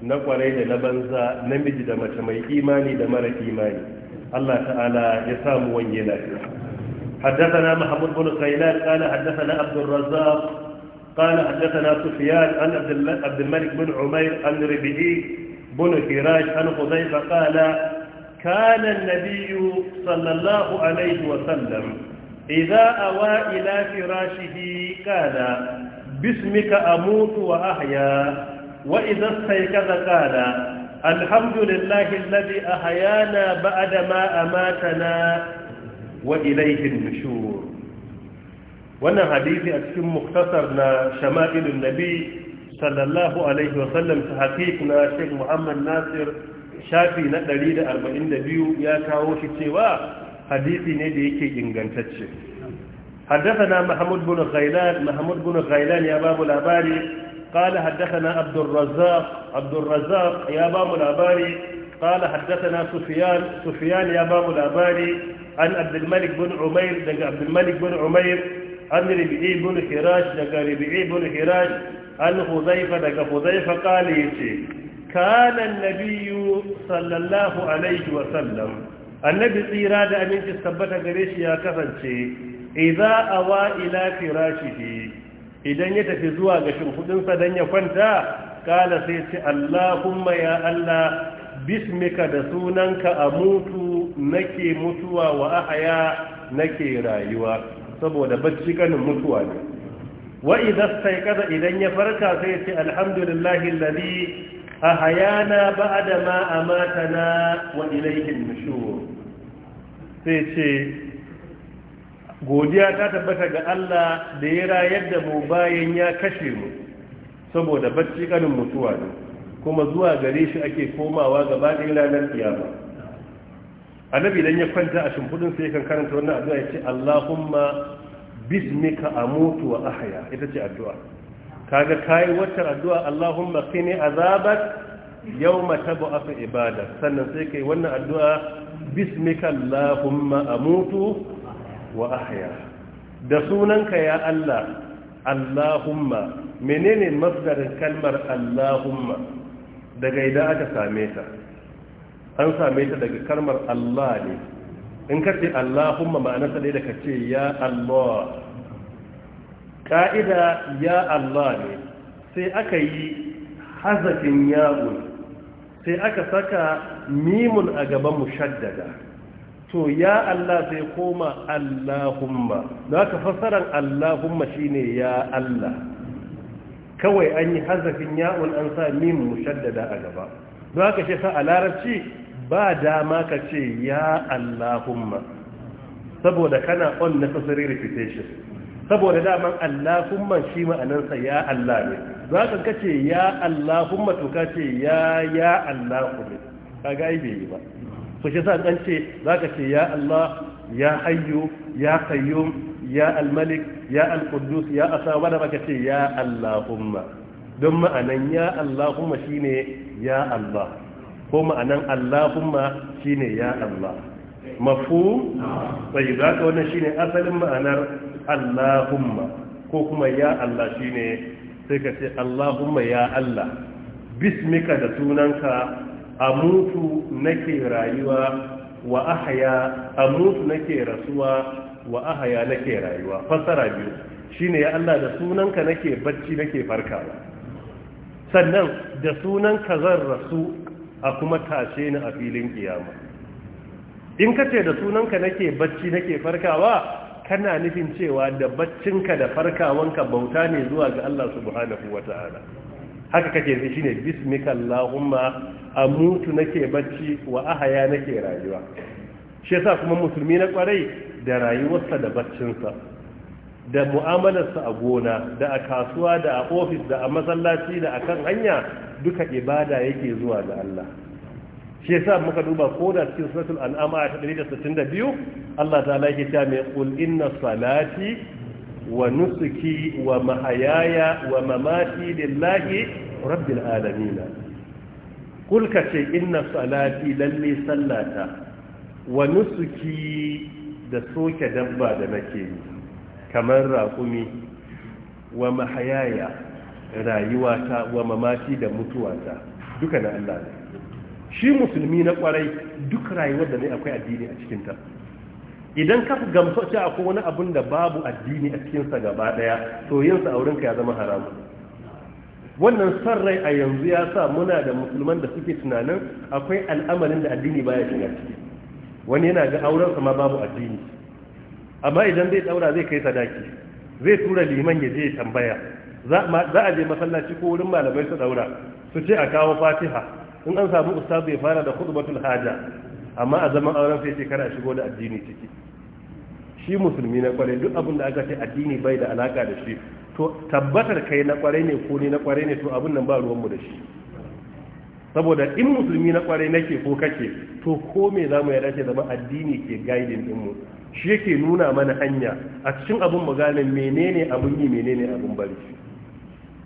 na kwarai da na banza namiji da mace mai imani da mara imani Allah ta'ala ya samu wanye lafiya حدثنا محمود بن خيلان قال حدثنا عبد الرزاق قال حدثنا سفيان عن عبد الملك بن عمير عن ربيعي بن فراش عن حذيفه قال كان النبي صلى الله عليه وسلم إذا أوى إلى فراشه قال باسمك أموت وأحيا وإذا استيقظ قال ba a dama أحيانا بعدما أماتنا وإليه النشور wannan hadisi a cikin muktasar na shama'ilun nabi sallallahu alaihi wasallam ta haƙiƙ na muhammad nasir shafi na 142 ya kawo shi cewa hadisi ne da yake ingantacce حدثنا محمود بن غيلان محمود بن غيلان يا باب العباري قال حدثنا عبد الرزاق عبد الرزاق يا باب العباري قال حدثنا سفيان سفيان يا باب العباري عن عبد الملك بن عمير دق عبد الملك بن عمير عن ربيعي بن حراش دق ربيعي بن حراش عن حذيفة دق حذيفة قال يتي كان النبي صلى الله عليه وسلم annabi tsira da aminci tabbata gare shi ya kasance a awa ila firashihi idan ya tafi zuwa ga shimfudinsa dan ya kwanta kala sai ce Allahumma ya Allah bismika da sunanka a mutu nake mutuwa wa ahaya nake rayuwa saboda bacci kanin mutuwa ne wa idza staiqaza idan ya farka sai ce alhamdulillahi alladhi ahayana ba'da ma amatana wa ilayhi an sai ce godiya ta tabbata ga Allah da ya rayar da mu bayan ya kashe mu saboda bacci kanin mutuwa ne kuma zuwa gare shi ake komawa gaba ɗaya ranar kiyama annabi dan ya kwanta a shimfudin sai kan karanta wannan addu'a ya ce Allahumma bismika amutu wa ahya ita ce addu'a kaga kayi wata addu'a Allahumma Yau azabak yawma tab'athu ibada. sannan sai yi wannan addu'a bismika Allahumma amutu wa ahya da sunanka ya Allah Allahumma menene masdarin kalmar Allahumma daga idan aka same ta an same ta daga kalmar Allah ne in ka Allahumma ma'anarsa ne da ka ce ya Allah ka'ida ya Allah ne sai aka yi hazafin ya'un sai aka saka mimun a gaban mushaddada to ya Allah sai koma Allahumma da aka fassaran Allahumma shine ya Allah kawai an yi hazafin ya'un an sa mimun mushaddada a gaba don haka shi sa a larabci ba dama ka ce ya Allahumma saboda kana on necessary repetition saboda daman Allahumma shi ma'anarsa ya Allah ne za ka kace ya Allahumma to ka ce ya ya Allahu ne kaga ai bai yi ba so shi sa kan ce za ka ce ya Allah ya hayyu ya qayyum ya almalik ya al-quddus ya asawa da baka ce ya Allahumma don ma'anan ya Allahumma shine ya Allah ko ma'anan Allahumma shine ya Allah mafhum sai za ka wannan shine asalin ma'anar Allahumma ko kuma ya Allah shine sai ka ce Allahumma ya Allah bismika da sunanka amutu nake rayuwa wa ahya amutu nake rasuwa wa ahya nake rayuwa fasara biyu shine ya Allah da sunanka nake bacci nake farkawa sannan da sunanka zan rasu a kuma tashe ni a filin kiyama in ka ce da sunanka nake bacci nake farkawa kana nufin cewa da baccinka da farkawanka bauta ne zuwa ga Allah subhanahu wa ta'ala haka kake zai shine bismikallahumma amutu nake bacci wa ahaya nake rayuwa shi yasa kuma musulmi na kwarai da rayuwarsa da baccinsa da mu'amalarsa a gona da a kasuwa da a ofis da a masallaci da a kan hanya duka ibada yake zuwa ga Allah shi yasa muka duba ko da cikin suratul an'am aya 162 Allah ta'ala yake cewa mai qul inna salati wa nusuki wa mahayaya wa mamati lillahi rabbil alamin kul ka ce inna salati lalle sallata wa nusuki da soke dabba da nake yi kamar raƙumi wa mahayaya rayuwata wa mamati da mutuwata duka na Allah ne shi musulmi na kwarai duk rayuwar da ne akwai addini a cikinta idan ka gamsu ce akwai wani abun da babu addini a cikinsa gaba daya to yin sa ka ya zama haram. wannan san rai a yanzu ya sa muna da musulman da suke tunanin akwai al'amarin da addini baya shiga ciki wani yana ga auren sa ma babu addini amma idan zai daura zai kai sadaki zai tura liman ya je tambaya za a je masallaci ko wurin malamai su daura su ce a kawo fatiha in an samu ustazu ya fara da khutbatul haja amma a zaman auren sai shekara a shigo da addini ciki shi musulmi na kware duk abin da aka ce addini bai da alaka da shi to tabbatar kai na kwarai ne ko ne na kware ne to abin nan ba ruwanmu da shi saboda in musulmi na kwarai nake ko kake to ko me za mu yarda ce zama addini ke guiding mu, shi yake nuna mana hanya a cikin abin magana gane menene abin yi menene abin bari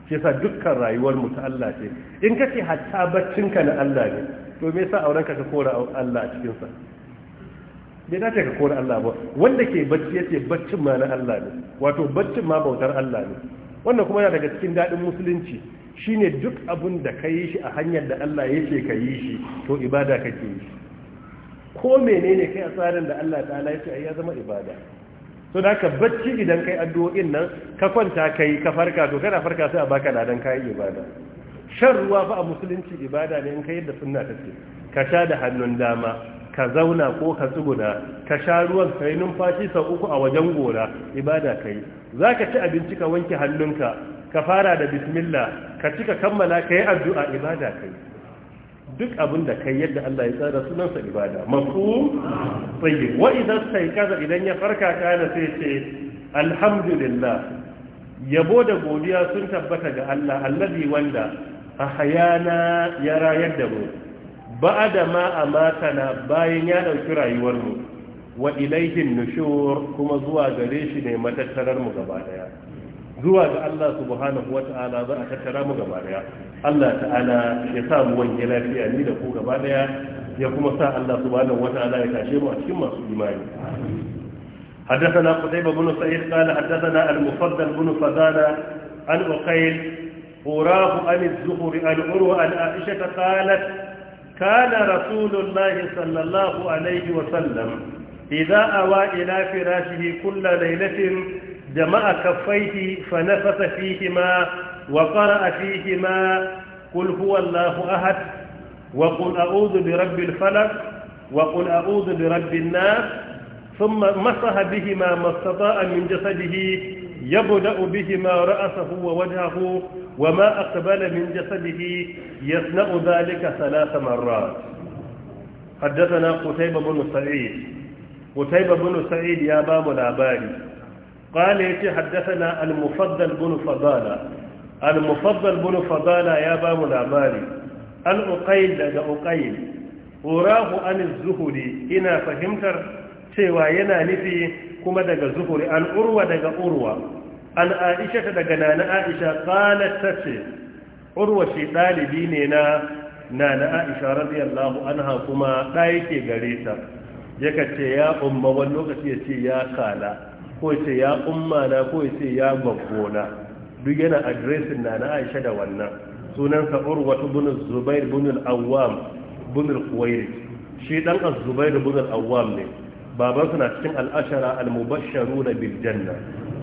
shi sa dukkan rayuwar mu ta Allah ce in kace hatta baccinka na Allah ne to me yasa auren ka ka kora Allah a cikin sa bai dace ka kora Allah ba wanda ke bacci yace baccin ma na Allah ne wato baccin ma bautar Allah ne wannan kuma yana daga cikin dadin musulunci shine duk abun da ka yi shi a hanyar da Allah ce ka yi shi to ibada kake yi ko menene kai a tsarin da Allah ta'ala yace ai ya zama ibada so da ka bacci idan kai addu'o'in nan ka kwanta kai ka farka to kana farka sai a baka ladan kai ibada shan ruwa fa a musulunci ibada ne in kai yadda sunna ta ce ka sha da hannun dama ka zauna ko ka tsuguna ka sha ruwan kai yi numfashi sau uku a wajen gora ibada kai zaka ci abinci ka wanke hannunka ka fara da bismillah ka cika kammala ka addu'a ibada kai. duk abin da kai yadda Allah ya tsara sunansa ibada mafhum tayyib wa idan sai kaza idan ya farka kana sai ce alhamdulillah yabo da godiya sun tabbata ga Allah allazi wanda hayana ya rayar da mu da ma amatana bayan ya dauki rayuwar mu wa ilaihin nushur kuma zuwa gare shi ne matattarar mu gaba daya zuwa ga Allah subhanahu Ta'ala za a tattara mu gaba daya Allah ta'ala ya sa mu wanke lafiya ni da ku gaba daya ya kuma sa Allah subhanahu Ta'ala ya tashe mu a cikin masu imani حدثنا قتيبة بن سعيد قال حدثنا المفضل بن فضالة عن أقيل وراه عن الزهر عن عروة عن عائشة قالت كان رسول الله صلى الله عليه وسلم إذا أوى إلى فراشه كل ليلة جمع كفيه فنفث فيهما وقرأ فيهما قل هو الله أحد وقل أعوذ برب الفلق وقل أعوذ برب الناس ثم مسح بهما ما استطاع من جسده يبدأ بهما رأسه ووجهه وما أقبل من جسده يصنع ذلك ثلاث مرات حدثنا قتيبة بن سعيد قتيبة بن سعيد يا باب العباد qala ya ce haddasa na bin fadala al-mufaddal bin fadala ya bamu mu labari al-uqayl daga uqayl urahu an az ina fahimtar cewa yana nufi kuma daga zuhri an urwa daga urwa an aisha daga nana aisha qalat tace urwa shi dalibi ne na nana aisha radiyallahu anha kuma da yake gare ta yaka ce ya umma wani lokaci ya ce ya kala ko ya ce ya umma na ko ya ce ya gwaggo na duk yana adresin na na aisha da wannan sunansa urwa ibn zubair ibn Awam, awwam kuwairi shi dan az-zubair ibn Awam ne baban suna cikin al'ashara, al mubasharu da janna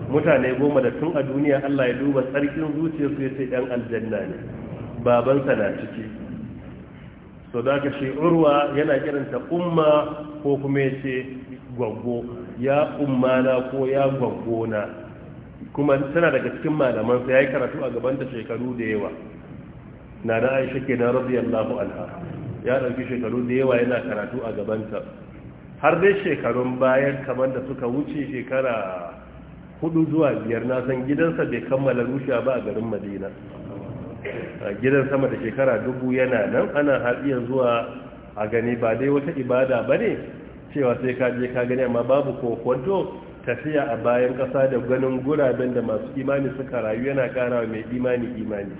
mutane goma da tun a duniya Allah ya duba tsarkin zuciyarsu ya ce ɗan aljanna ne babansa na ciki so da ka shi urwa yana kiranta umma ko kuma ya ce gwaggo ya ummana ko ya gwaggona kuma tana daga cikin malaman sa yayi karatu a gaban ta shekaru da yawa na da Aisha kenan radiyallahu anha ya dauki shekaru da yawa yana karatu a gaban ta har dai shekarun bayan kamar da suka wuce shekara hudu zuwa biyar na san gidansa bai kammala rushe ba a garin Madina gidan sama da shekara dubu yana nan ana iya zuwa a gani ba dai wata ibada ba ne cewa sai ka je ka gani amma babu kokonto tafiya a bayan kasa da ganin guraben da masu imani suka rayu yana wa mai imani imani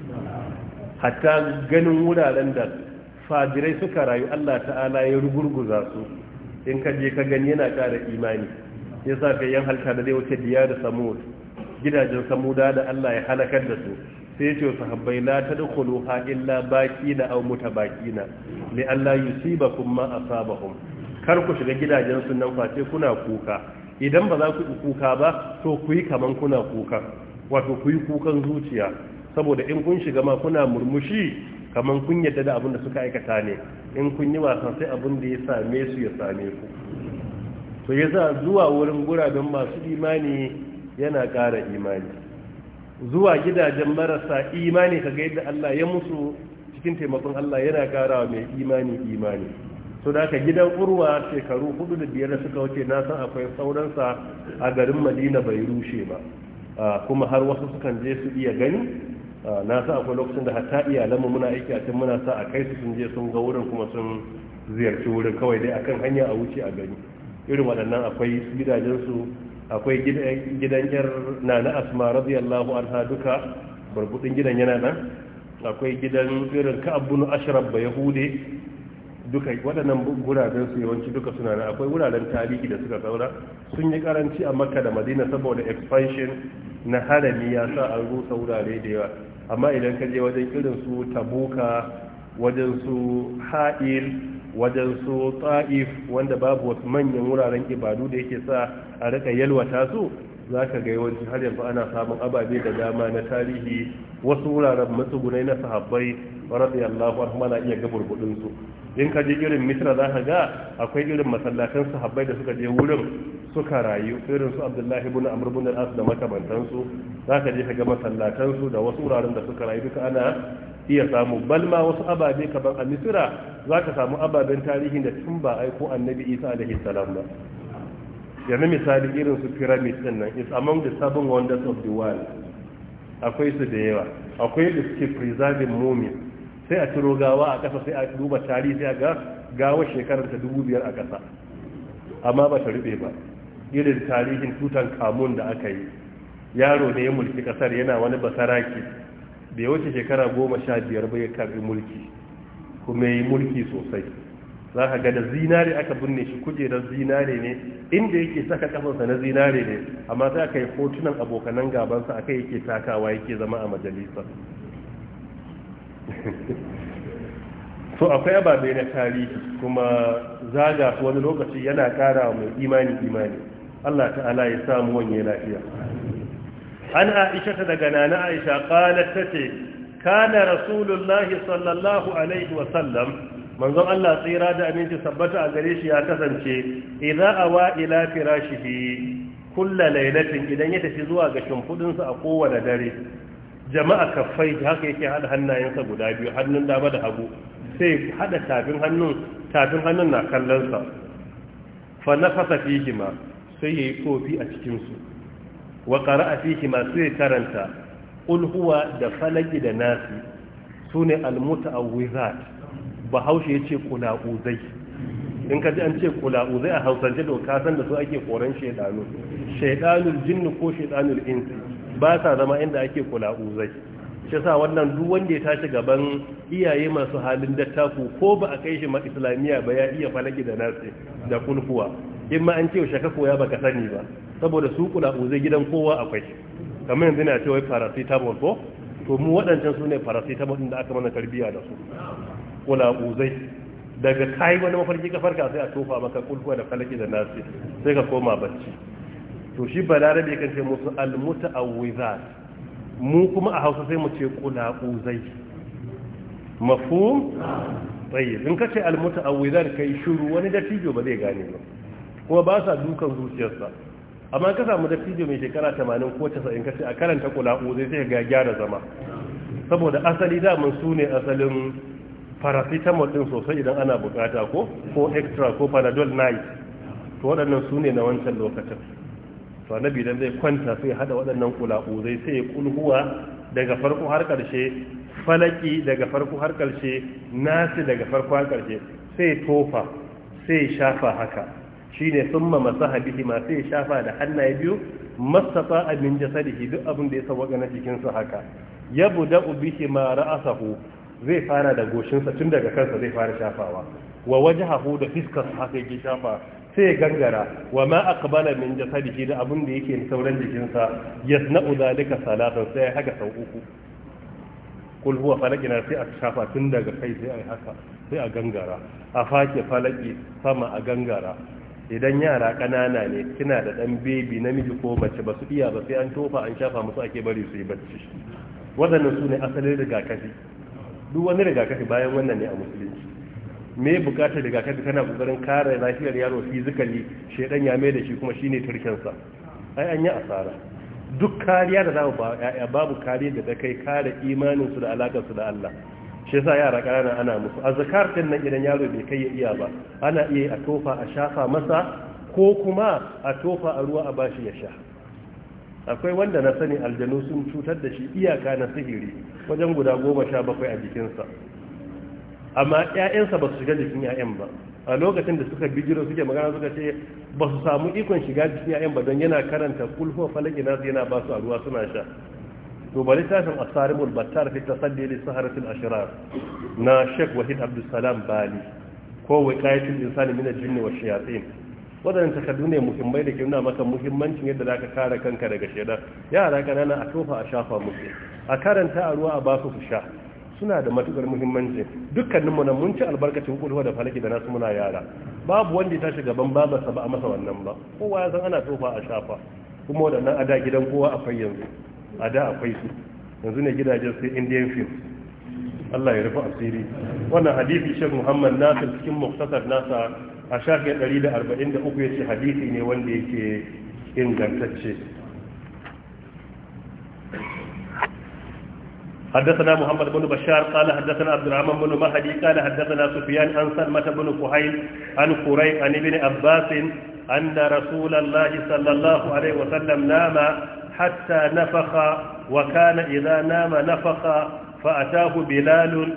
hatta ganin wuraren da fajirai suka rayu Allah ta'ala ya rugurguza su in ka je ka gani yana kara imani ya sa ka yan halka da zai wuce diya da samud gidajen samuda da Allah ya halakar da su sai ce wa habbai la ta dukulu ha illa baki na au muta baki na li Allah yusibakum ma asabahum kar ku shiga gidajen sunan face kuna kuka idan ba za ku yi kuka ba to ku yi kaman kuna kuka wato ku yi kukan zuciya saboda in kun shiga ma kuna murmushi kaman kun yadda da abin da suka aikata ne in kun yi wasan sai abin da ya same su ya same ku to ya zuwa wurin guraben masu imani yana ƙara imani zuwa gidajen marasa imani kaga yadda Allah ya musu cikin taimakon Allah yana ƙara mai imani imani to da aka gidan urwa shekaru hudu da biyar da suka wuce na san akwai sauransa a garin madina bai rushe ba kuma har wasu sukan je su iya gani na san akwai lokacin da hatta iyalanmu muna aiki a can muna sa a kai su sun je sun ga wurin kuma sun ziyarci wurin kawai dai akan hanya a wuce a gani irin waɗannan akwai gidajensu akwai gidan yar nana asma radiyallahu anha duka barbudin gidan yana nan akwai gidan irin ka abunu ashraf ba yahude duka waɗannan guraren su yawanci duka suna na akwai wuraren tarihi da suka saura sun yi karanci a makka da madina saboda expansion na harami ya sa an rusa wurare da yawa amma idan ka je wajen irin su tabuka wajen su ha'il wajen su ta'if wanda babu wasu manyan wuraren ibadu da yake sa a rika yalwata su za ka ga yawanci har yanzu ana samun ababe da dama na tarihi wasu wuraren matsugunai na sahabbai radiyallahu anhu mana iya gabar in ka je irin misra za ka ga akwai irin masallatan sahabbai da suka je wurin suka rayu irin su abdullahi ibn amr ibn al da makamantan su za ka je ka ga masallatansu da wasu wuraren da suka rayu duka ana iya samu balma wasu ababe kaban a misra za ka samu ababen tarihin da tun ba aiko annabi isa alaihi salam ba yanzu misali irin su pyramid din nan is among the seven wonders of the world akwai su da yawa akwai da suke preserving mumin sai a turo gawa a ƙasa sai a duba tarihi sai a ga gawa shekarar ta dubu biyar a ƙasa amma ba ta rube ba irin tarihin tutan kamun da aka yi yaro ne ya mulki ƙasar yana wani basaraki da ya wuce shekara goma sha biyar bai karbi mulki kuma ya yi mulki sosai za ka ga da zinare aka binne shi kujerar zinare ne inda yake saka kafansa na zinare ne amma sai aka yi hotunan abokanan gabansa a kai yake takawa yake zama a majalisa so akwai ababe na tarihi kuma zaga wani lokaci yana kara mai imani imani Allah ta'ala ya samu wanye lafiya an aisha ta daga nana aisha kana tace kana rasulullahi sallallahu alaihi wa sallam manzon Allah tsira da aminci sabbata a gare shi ya kasance idza awa ila firashihi kulla lailatin idan ya tafi zuwa ga shimfudinsa a kowane dare jama'a kaffai haka yake hada hannayensa guda biyu hannun dama da hagu sai hada tafin hannun tafin hannun na kallonsa fa nafasa fihi ma sai yayi kofi a cikin su wa qara'a fihi ma sai karanta qul huwa da falaki da nasi sune al-muta'awwizat bahaushe ya ce kula'uzai in ka ji an ce kula'uzai a hausance to ka san da su ake koran shaidanu shaidanul jinni ko shaidanul insi ba sa zama inda ake kula'uzai shi sa wannan duk wanda ya tashi gaban iyaye masu halin dattaku ko ba a kai shi ma islamiyya ba ya iya falaki da nasi da kulkuwa in ma an ce shaka koya baka sani ba saboda su kula'uzai gidan kowa akwai kamar yanzu na cewa paracetamol ko to mu waɗancan su ne paracetamol da aka mana tarbiya da su kulabuzai daga kai wani mafarki farka sai a tofa maka kulkuwa da falaki da nasi sai ka koma bacci to shi balarabe kan ce musu almutaawwizat mu kuma a Hausa sai mu ce kulabuzai mafhum Tsaye. in ka kace ka kai shiru wani dattijo ba zai gane ba kuma ba sa dukan zuciyarsa amma ka samu dattijo mai shekara 80 ko 90 ce a karanta kulabuzai sai ga gyara zama saboda asali daman su ne asalin paracetamol din sosai idan ana bukata ko ko extra ko panadol night to waɗannan su ne na wancan lokacin to annabi dan zai kwanta sai hada waɗannan kulaku zai sai ya kulhuwa daga farko har karshe falaki daga farko har karshe nasi daga farko har karshe sai tofa sai shafa haka shine summa masaha bihi ma sai shafa da hannaye biyu masafa abin jasadihi duk abin da ya saba na su haka yabda bihi ma ra'asahu zai fara da goshinsa tun daga kansa zai fara shafawa wa waje hafu da fiskar haka yake shafa sai ya gangara wa ma aka bala min jasa da abun da yake sauran jikinsa ya da duka salatan sai haka sau uku kul huwa na sai a shafa tun daga kai sai yi haka sai a gangara a fake falaki sama a gangara idan yara ƙanana ne kina da ɗan bebi na miji ko mace ba su iya ba sai an tofa an shafa musu ake bari su yi bacci waɗannan su ne asalin rigakafi duk wani rigakafi bayan wannan ne a musulunci me bukatar rigakafi kana kokarin kare lafiyar yaro fizikali shedan ya mai da shi kuma shine turkensa ai an yi asara duk kariya da za ba ya'ya babu kariya da ta kai kare imanin su da alakar su da Allah shi yasa yara ƙanana ana musu azkar din nan idan yaro bai kai ya iya ba ana iya a tofa a shafa masa ko kuma a tofa a ruwa a bashi ya sha akwai wanda na sani aljanu sun cutar da shi iyaka na sihiri wajen guda goma sha bakwai a jikinsa amma 'ya'yansa ba su shiga jikin 'ya'yan ba a lokacin da suka bijiro suke magana suka ce ba su samu ikon shiga jikin 'ya'yan ba don yana karanta kulhuwa falaki nasu yana ba su a ruwa suna sha to bari tafin asarimul battar fi tasaddi da saharatil ashrar na Sheikh Wahid Abdulsalam Bali ko waqayatul insani min al-jinni wash waɗannan takardu ne muhimmai da ke nuna maka muhimmancin yadda za ka kare kanka daga shaidar. yara ƙanana a tofa a shafa musu a karanta a ruwa a ba su sha suna da matukar muhimmanci dukkanin mu nan mun ci albarkacin kulhuwa da falaki da nasu muna yara babu wanda ya tashi gaban babarsa ba a masa wannan ba kowa ya san ana tofa a shafa kuma waɗannan a da gidan kowa akwai yanzu a da akwai su yanzu ne gidajen sai indian Allah ya rufe asiri wannan hadisi shek Muhammad Nasir cikin muktasar nasa a shafin 143 ya ce hadisi ne wanda yake ingantacce حدثنا محمد بن بشار قال حدثنا عبد الرحمن بن مهدي قال حدثنا سفيان عن سلمة بن كهيل عن قريب عن ابن عباس أن رسول الله صلى الله عليه وسلم نام حتى نفخ وكان إذا نام نفخ فأتاه بلال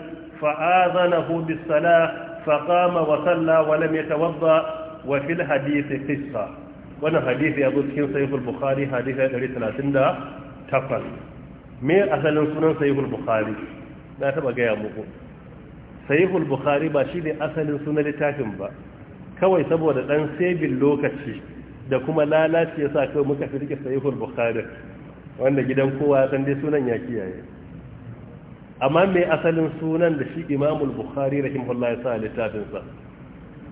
فآذنه بالصلاة فقام وصلى ولم يتوضا وفي الحديث قصه wannan hadisi ya zo cikin sahihul bukhari hadisi 138 me asalin sunan sahihul bukhari na taba gaya muku sahihul bukhari ba shi ne asalin sunan littafin ba kawai saboda dan sebin lokaci da kuma lalaci yasa kawai muka fi rike sahihul bukhari wanda gidan kowa san dai sunan ya kiyaye amma mai asalin sunan da shi imamul bukhari rahimahullah ya sa a littafinsa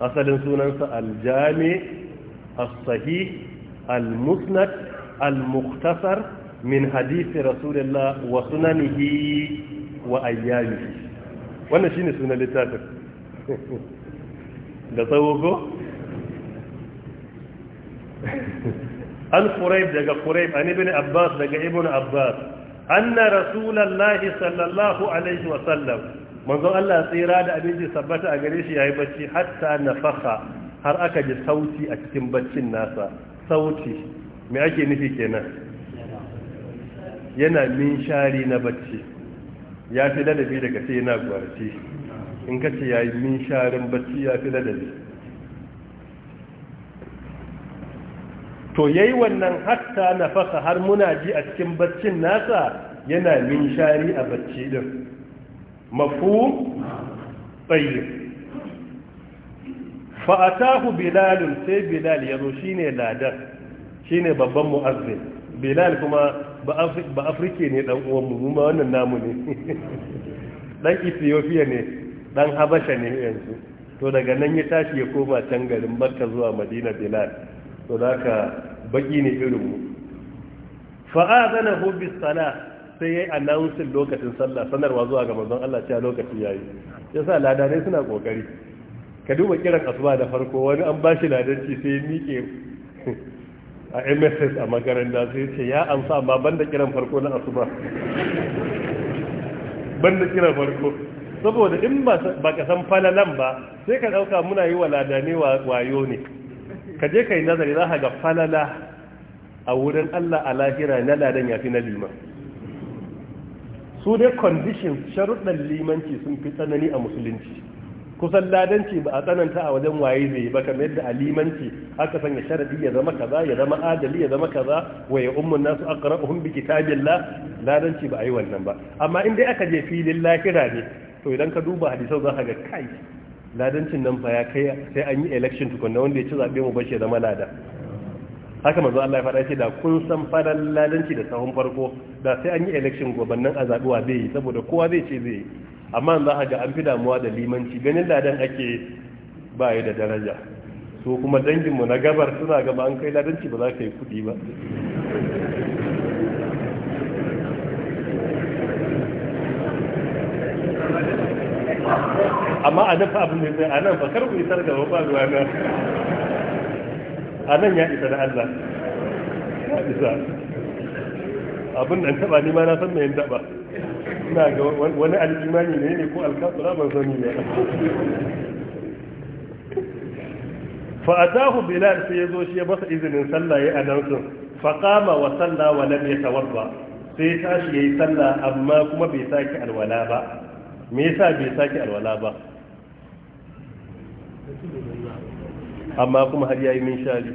asalin sunansa aljami as-sahih al-musnad al-mukhtasar min hadisi rasulullah wa sunanihi wa ayyamihi wannan shine sunan littafin da tsawo ko an quraib daga quraib an ibn abbas daga ibn abbas anna rasulallahi sallallahu alaihi wa sallam manzon Allah tsira da abinci sabbata a gare shi yayi bacci hatta nafakha har aka ji sauti a cikin baccin nasa sauti me ake nufi kenan yana minshari na bacci ya fi ladabi daga sai yana gwarci in ka kace yayi minsharin bacci ya fi ladabi to yayi wannan hatta nafaka har muna ji a cikin baccin nasa yana min shari a bacci din mafu tayyib fa atahu bilal sai bilal yazo shine ladan shine babban muazzin bilal kuma ba afrike ne dan uwan mu ma wannan namu ne dan ethiopia ne dan habasha ne yanzu to daga nan ya tashi ya koma can garin makka zuwa madina bilal to ka baki ne irin mu fa'azana hu bis sala sai yayi announcing lokacin sallah sanarwa zuwa ga manzon Allah cewa lokaci Ya yasa ladanai suna kokari ka duba kiran asuba da farko wani an bashi ladanci sai miƙe a MSS a makaranta sai ce ya amsa amma banda kiran farko na asuba banda kiran farko saboda in ba ka san falalan ba sai ka dauka muna yi wa ladane wayo ne ka je ka yi nazari za ka ga falala a wurin Allah a lahira na ladan ya fi na liman su dai kondishin sharuɗan limanci sun fi tsanani a musulunci kusan ladanci ba a tsananta a wajen waye zai ba kamar yadda a limanci aka sanya sharadi ya zama kaza ya zama adali ya zama kaza waye ummun nasu aqra'uhum bi kitabillah ladanci ba a yi wannan ba amma in dai aka je filin lahira ne to idan ka duba hadisau za ka ga kai ladancin nan fa ya kai sai an yi election tukunna wanda ya ci zaɓe mu bashi zama lada haka manzo Allah ya faɗa ce da kun san fadan ladanci da sahun farko da sai an yi election gobannin a zaɓuwa zai yi saboda kowa zai ce zai yi amma za a ga an fi damuwa da limanci ganin ladan ake ba da daraja so kuma danginmu na gabar suna gaba an kai ladanci ba za ka yi kuɗi ba amma a dafa abin da ya a nan bakar ku isar gaba ba ruwa na a nan ya isa da Allah ya isa abin da taba ni ma na san mai taba ina ga wani al'imani ne ne ko alkafura ban sani ne fa atahu bilal sai yazo shi ya masa izinin sallah yayi annabin fa qama wa salla wa lam yatawadda sai tashi yayi sallah amma kuma bai saki alwala ba me yasa bai saki alwala ba amma kuma har yayi min shari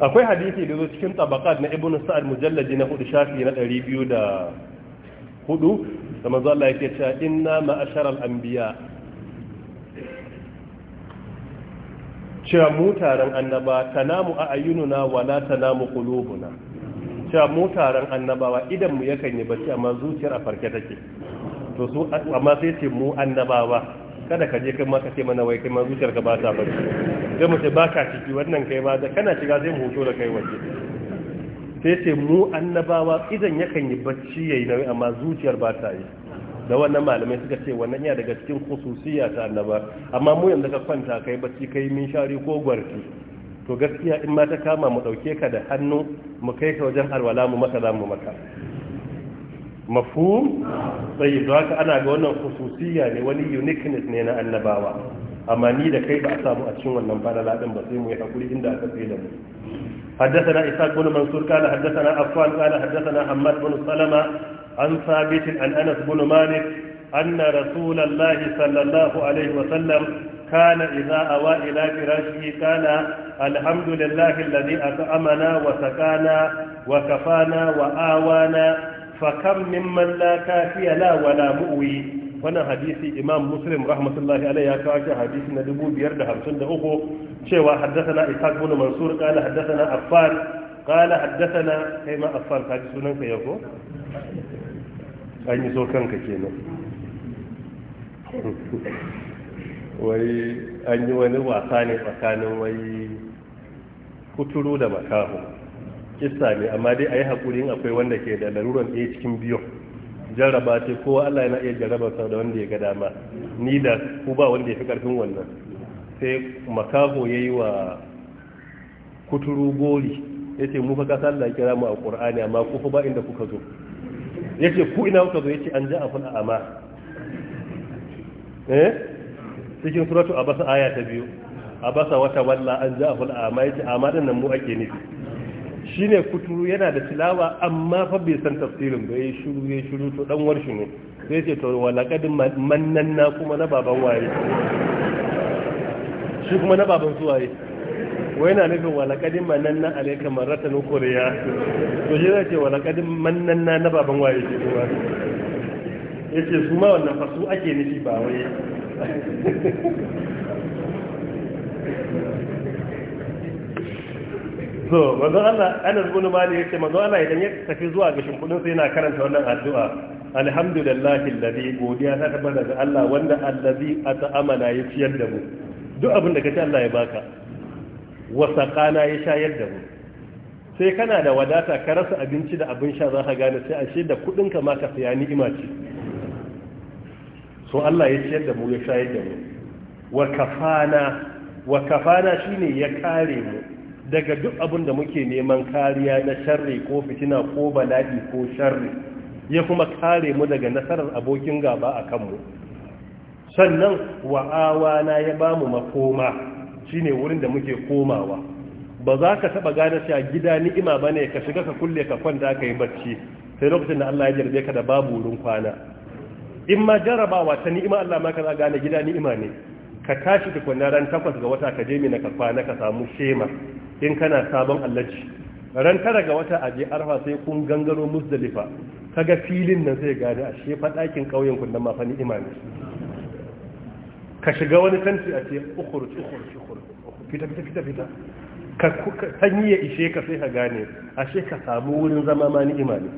akwai hadisi da zo cikin tabaqat na ibnu sa'ad mujallaji na hudu shafi na 200 da hudu da manzo Allah yake cewa inna ma'ashara al-anbiya cewa mutaren annaba tanamu a ayyununa wala tanamu qulubuna cewa mutaren annabawa idan mu yakan yi bacci amma zuciyar a farke take to su amma sai ce mu annabawa kada ka je kai ma ka ce mana wai kai ma zuciyar ka ba ta bari sai mu ce ba ka ciki wannan kai ba da kana shiga sai mu hoto da kai waje sai ce mu annabawa idan yakan yi bacci yayi nauyi amma zuciyar ba ta yi da wannan malamai suka ce wannan iya daga cikin khususiya ta annaba amma mu yanzu ka kwanta kai bacci kai minshari ko gwarki to gaskiya in ma ta kama mu dauke ka da hannu mu kai ka wajen alwala mu maka za mu maka mafhum sai da haka ana ga wannan khususiyya ne wani uniqueness ne na annabawa amma ni da kai ba a samu a cikin wannan fadala din ba sai mu yi hakuri inda aka sai da mu حدثنا إسحاق بن منصور قال حدثنا عفان قال حدثنا حماد بن سلمة عن ثابت عن أنس بن مالك أن رسول الله صلى الله عليه وسلم كان إذا أوى إلى فراشه كان الحمد لله الذي أطعمنا وسقانا وكفانا وآوانا fakam mimman la kafiya la wala mu'wi wannan hadisi imam muslim rahmatullahi alaihi ya kawo shi hadisi na 553 cewa haddathana ishaq bin mansur qala haddathana affan qala haddathana kai ma affan ka ji sunan ka yako an yi so kanka kenan wai an yi wani wasa ne tsakanin wai kuturu da makaho kissa ne amma dai a yi haƙuri akwai wanda ke da laruran ɗaya cikin biyu jarraba ce kowa Allah yana iya jarraba sa da wanda ya ga dama ni da ku ba wanda ya fi ƙarfin wannan sai makaho ya yi wa kuturu gori ya ce fa kasa Allah kira mu a ƙur'ani amma ku fa ba inda kuka zo ya ce ku ina kuka zo ya ce an ja a ful a'ama eh cikin suratu abasa aya ta biyu abasa wata walla an ja a ful a'ama ya ce amma din nan mu ake nufi ne kuturu yana da tilawa amma fa bai san tafsirin ba yayi shiru yayi shiru to dan warshi ne sai ce to wala kadin mannan na kuma na baban waye shi kuma na baban su waye wai na nufin wala kadin kad mannanna alayka marratan koreya to shi zai ce wala kadin mannan na baban waye shi kuma yace su ma wannan fasu ake nufi ba wai so manzo Allah ana ibn mali yace manzo Allah idan ya tafi zuwa ga shimfudin sai yana karanta wannan addu'a alhamdulillahi alladhi godiya ta tabbata ga Allah wanda alladhi at'amana ya ciyar da mu duk abin da kace Allah ya baka wa saqana ya shayar da mu sai kana da wadata ka rasa abinci da abin sha za ka gane sai ashe da kudin ka ma ka saya ni'ima ce so Allah ya ciyar da mu ya shayar da mu wa kafana wa kafana shine ya kare mu daga duk abin da muke neman kariya na sharri ko fitina ko bala'i ko sharri ya kuma kare mu daga nasarar abokin gaba a kanmu sannan wa'awana ya ba mu makoma shine wurin da muke komawa ba za ka taba gane shi a gida ni'ima ba ne ka shiga ka kulle ka kwanta ka yi bacci sai lokacin da Allah ya jarbe ka da babu wurin kwana in ma jarabawa ta ni'ima Allah ma ka za gane gida ni'ima ne ka tashi ka kwanna ran takwas ga wata ka je mina ka kwana ka samu shema in kana sabon allaci ran tara ga wata aje arfa sai kun gangaro musdalifa kaga filin nan zai gane a shefa ɗakin ƙauyen kun ma fani imani ka shiga wani tanti a ce ukhruj ukhruj ukhruj fita fita fita fita ka sanyi ya ishe ka sai ka gane ashe ka samu wurin zama ma ni'ima ne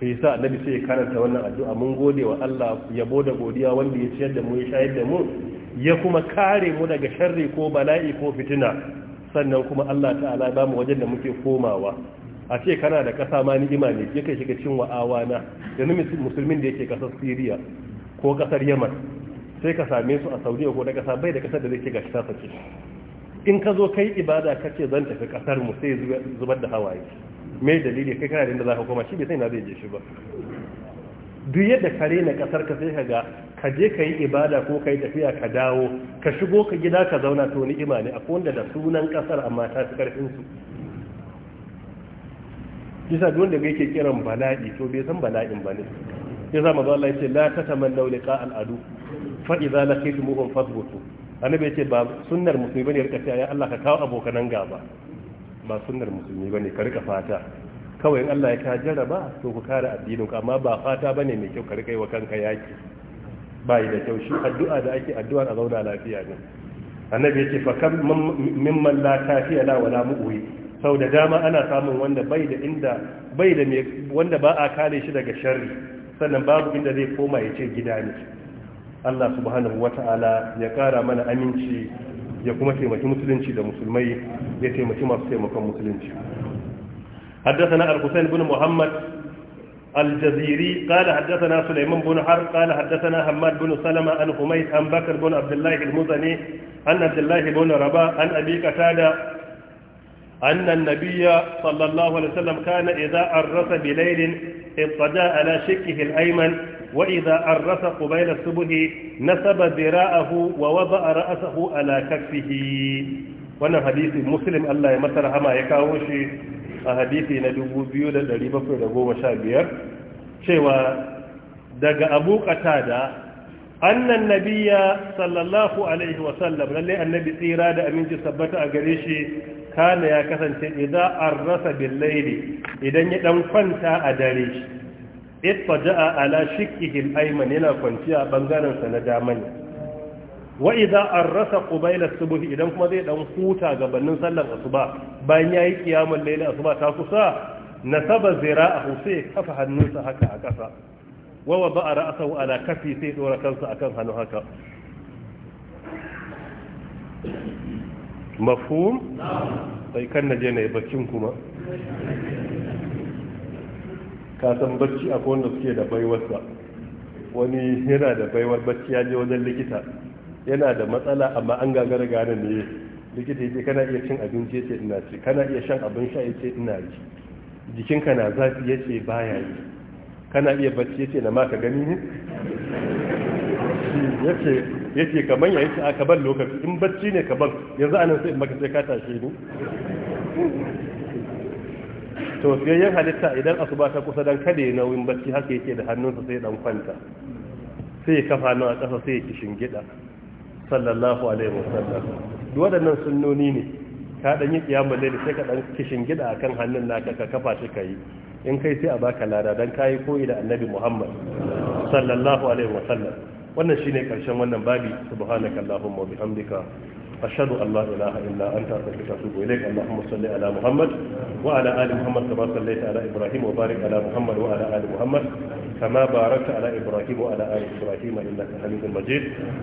sai sa annabi sai ya karanta wannan addu'a mun gode wa Allah yabo da godiya wanda ya ciyar da mu ya shayar da mu ya kuma kare mu daga sharri ko bala'i ko fitina sannan kuma Allah ta'ala ba mu wajen da muke komawa a ce kana da ƙasa ma ni imani ya kai shiga cin wa'awa na da ni musulmin da yake ƙasar Syria ko ƙasar Yemen. sai ka same su a Saudiya ko da kasa bai da kasar da zai ga ta sace in ka zo kai ibada ka ce zan tafi kasar mu sai zubar da hawaye mai dalili kai kana da inda za ka koma shi bai sai na zai je shi ba duk yadda ka rena kasar ka sai ka ga ka je ka yi ibada ko ka yi tafiya ka dawo ka shigo ka gida ka zauna to ni imani akwai wanda da sunan kasar amma ta fi karfin su kisa duk wanda yake kiran bala'i to bai san bala'in ba ne ya zo Allah ya ce la tatamannu liqa al'adu fa idza laqitumuhum fasbutu annabi ya ce ba sunnar musulmi bane rika cewa ya Allah ka kawo abokanan gaba ba sunnar musulmi bane ka rika fata kawai Allah ya ka jaraba to ku kare addinin ku amma ba fata bane mai kyau ka rika wa kanka yaki bai da kyau shi addu'a da ake addu'a a zauna lafiya ne annabi yake fa kam mimman la kafiya la wala mu'wi sau da dama ana samun wanda bai da inda bai da wanda ba a kare shi daga sharri sannan babu inda zai koma ya ce gida ne Allah subhanahu wata'ala ya kara mana aminci ya kuma taimaki musulunci da musulmai ya taimaki masu taimakon musulunci حدثنا الحسين بن محمد الجزيري قال حدثنا سليمان بن حرب قال حدثنا حماد بن سلمة عن حميد عن بكر بن عبد الله المزني عن عبد الله بن رباح عن أبي قتادة أن النبي صلى الله عليه وسلم كان إذا أرس بليل اضطجع على شكه الأيمن وإذا أرس قبيل الصبح نسب ذراعه ووضع رأسه على كفه wannan hadisi muslim Allah ya masa rahama ya kawo shi a hadisi na 2715 cewa daga abu da, annan Nabiya sallallahu alaihi wasallam lalle annabi tsira da aminci sabbata a gare shi kana ya kasance idan an rasa billaili idan ya dan kwanta a dare itfaja'a ala shikihin aiman yana kwanciya bangaren sa na damani wa idza arrasa qubayla subhi idan kuma zai dan huta gabanin sallar asuba bayan yayi kiyamul layl asuba ta kusa nasaba zira'ahu sai kafa hannunsa haka a kasa wa wada'a ra'sahu ala kafi sai dora kansa akan hannu haka mafhum sai kan naje ne bakin kuma ka san bacci akwai wanda suke da baiwarsa wani yana da baiwar bacci ya je wajen likita yana da matsala amma an gagara gane ne likita yake kana iya cin abinci yace ina ci kana iya shan abin sha yace ina ci jikinka na zafi yace baya yi kana iya bacci yace na ma ka gani ne yace yace kaman ya yace aka ban lokaci in bacci ne ka ban yanzu anan sai in maka sai ka tashi ne? to yan halitta idan asuba ta kusa dan kada ya nauyin bacci haka yake da hannunsa sai dan kwanta sai ya kafa nan a ƙasa sai ya kishin gida sallallahu alaihi wasallam duk waɗannan sunnoni ne ka dan yi kiyamul layl sai ka dan kishin gida akan hannun naka ka kafa shi kai in kai sai a baka lada dan kai koyi da annabi Muhammad sallallahu alaihi wasallam wannan shine karshen wannan babi subhanakallahumma wa bihamdika أشهد أن لا إله إلا أنت أستغفرك وأتوب إليك اللهم صل على محمد وعلى آل محمد كما صليت على إبراهيم وبارك على محمد وعلى آل محمد كما باركت على إبراهيم وعلى آل إبراهيم إنك حميد مجيد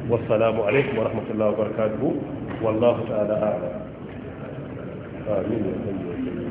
والسلام عليكم ورحمة الله وبركاته والله تعالى أعلم آمين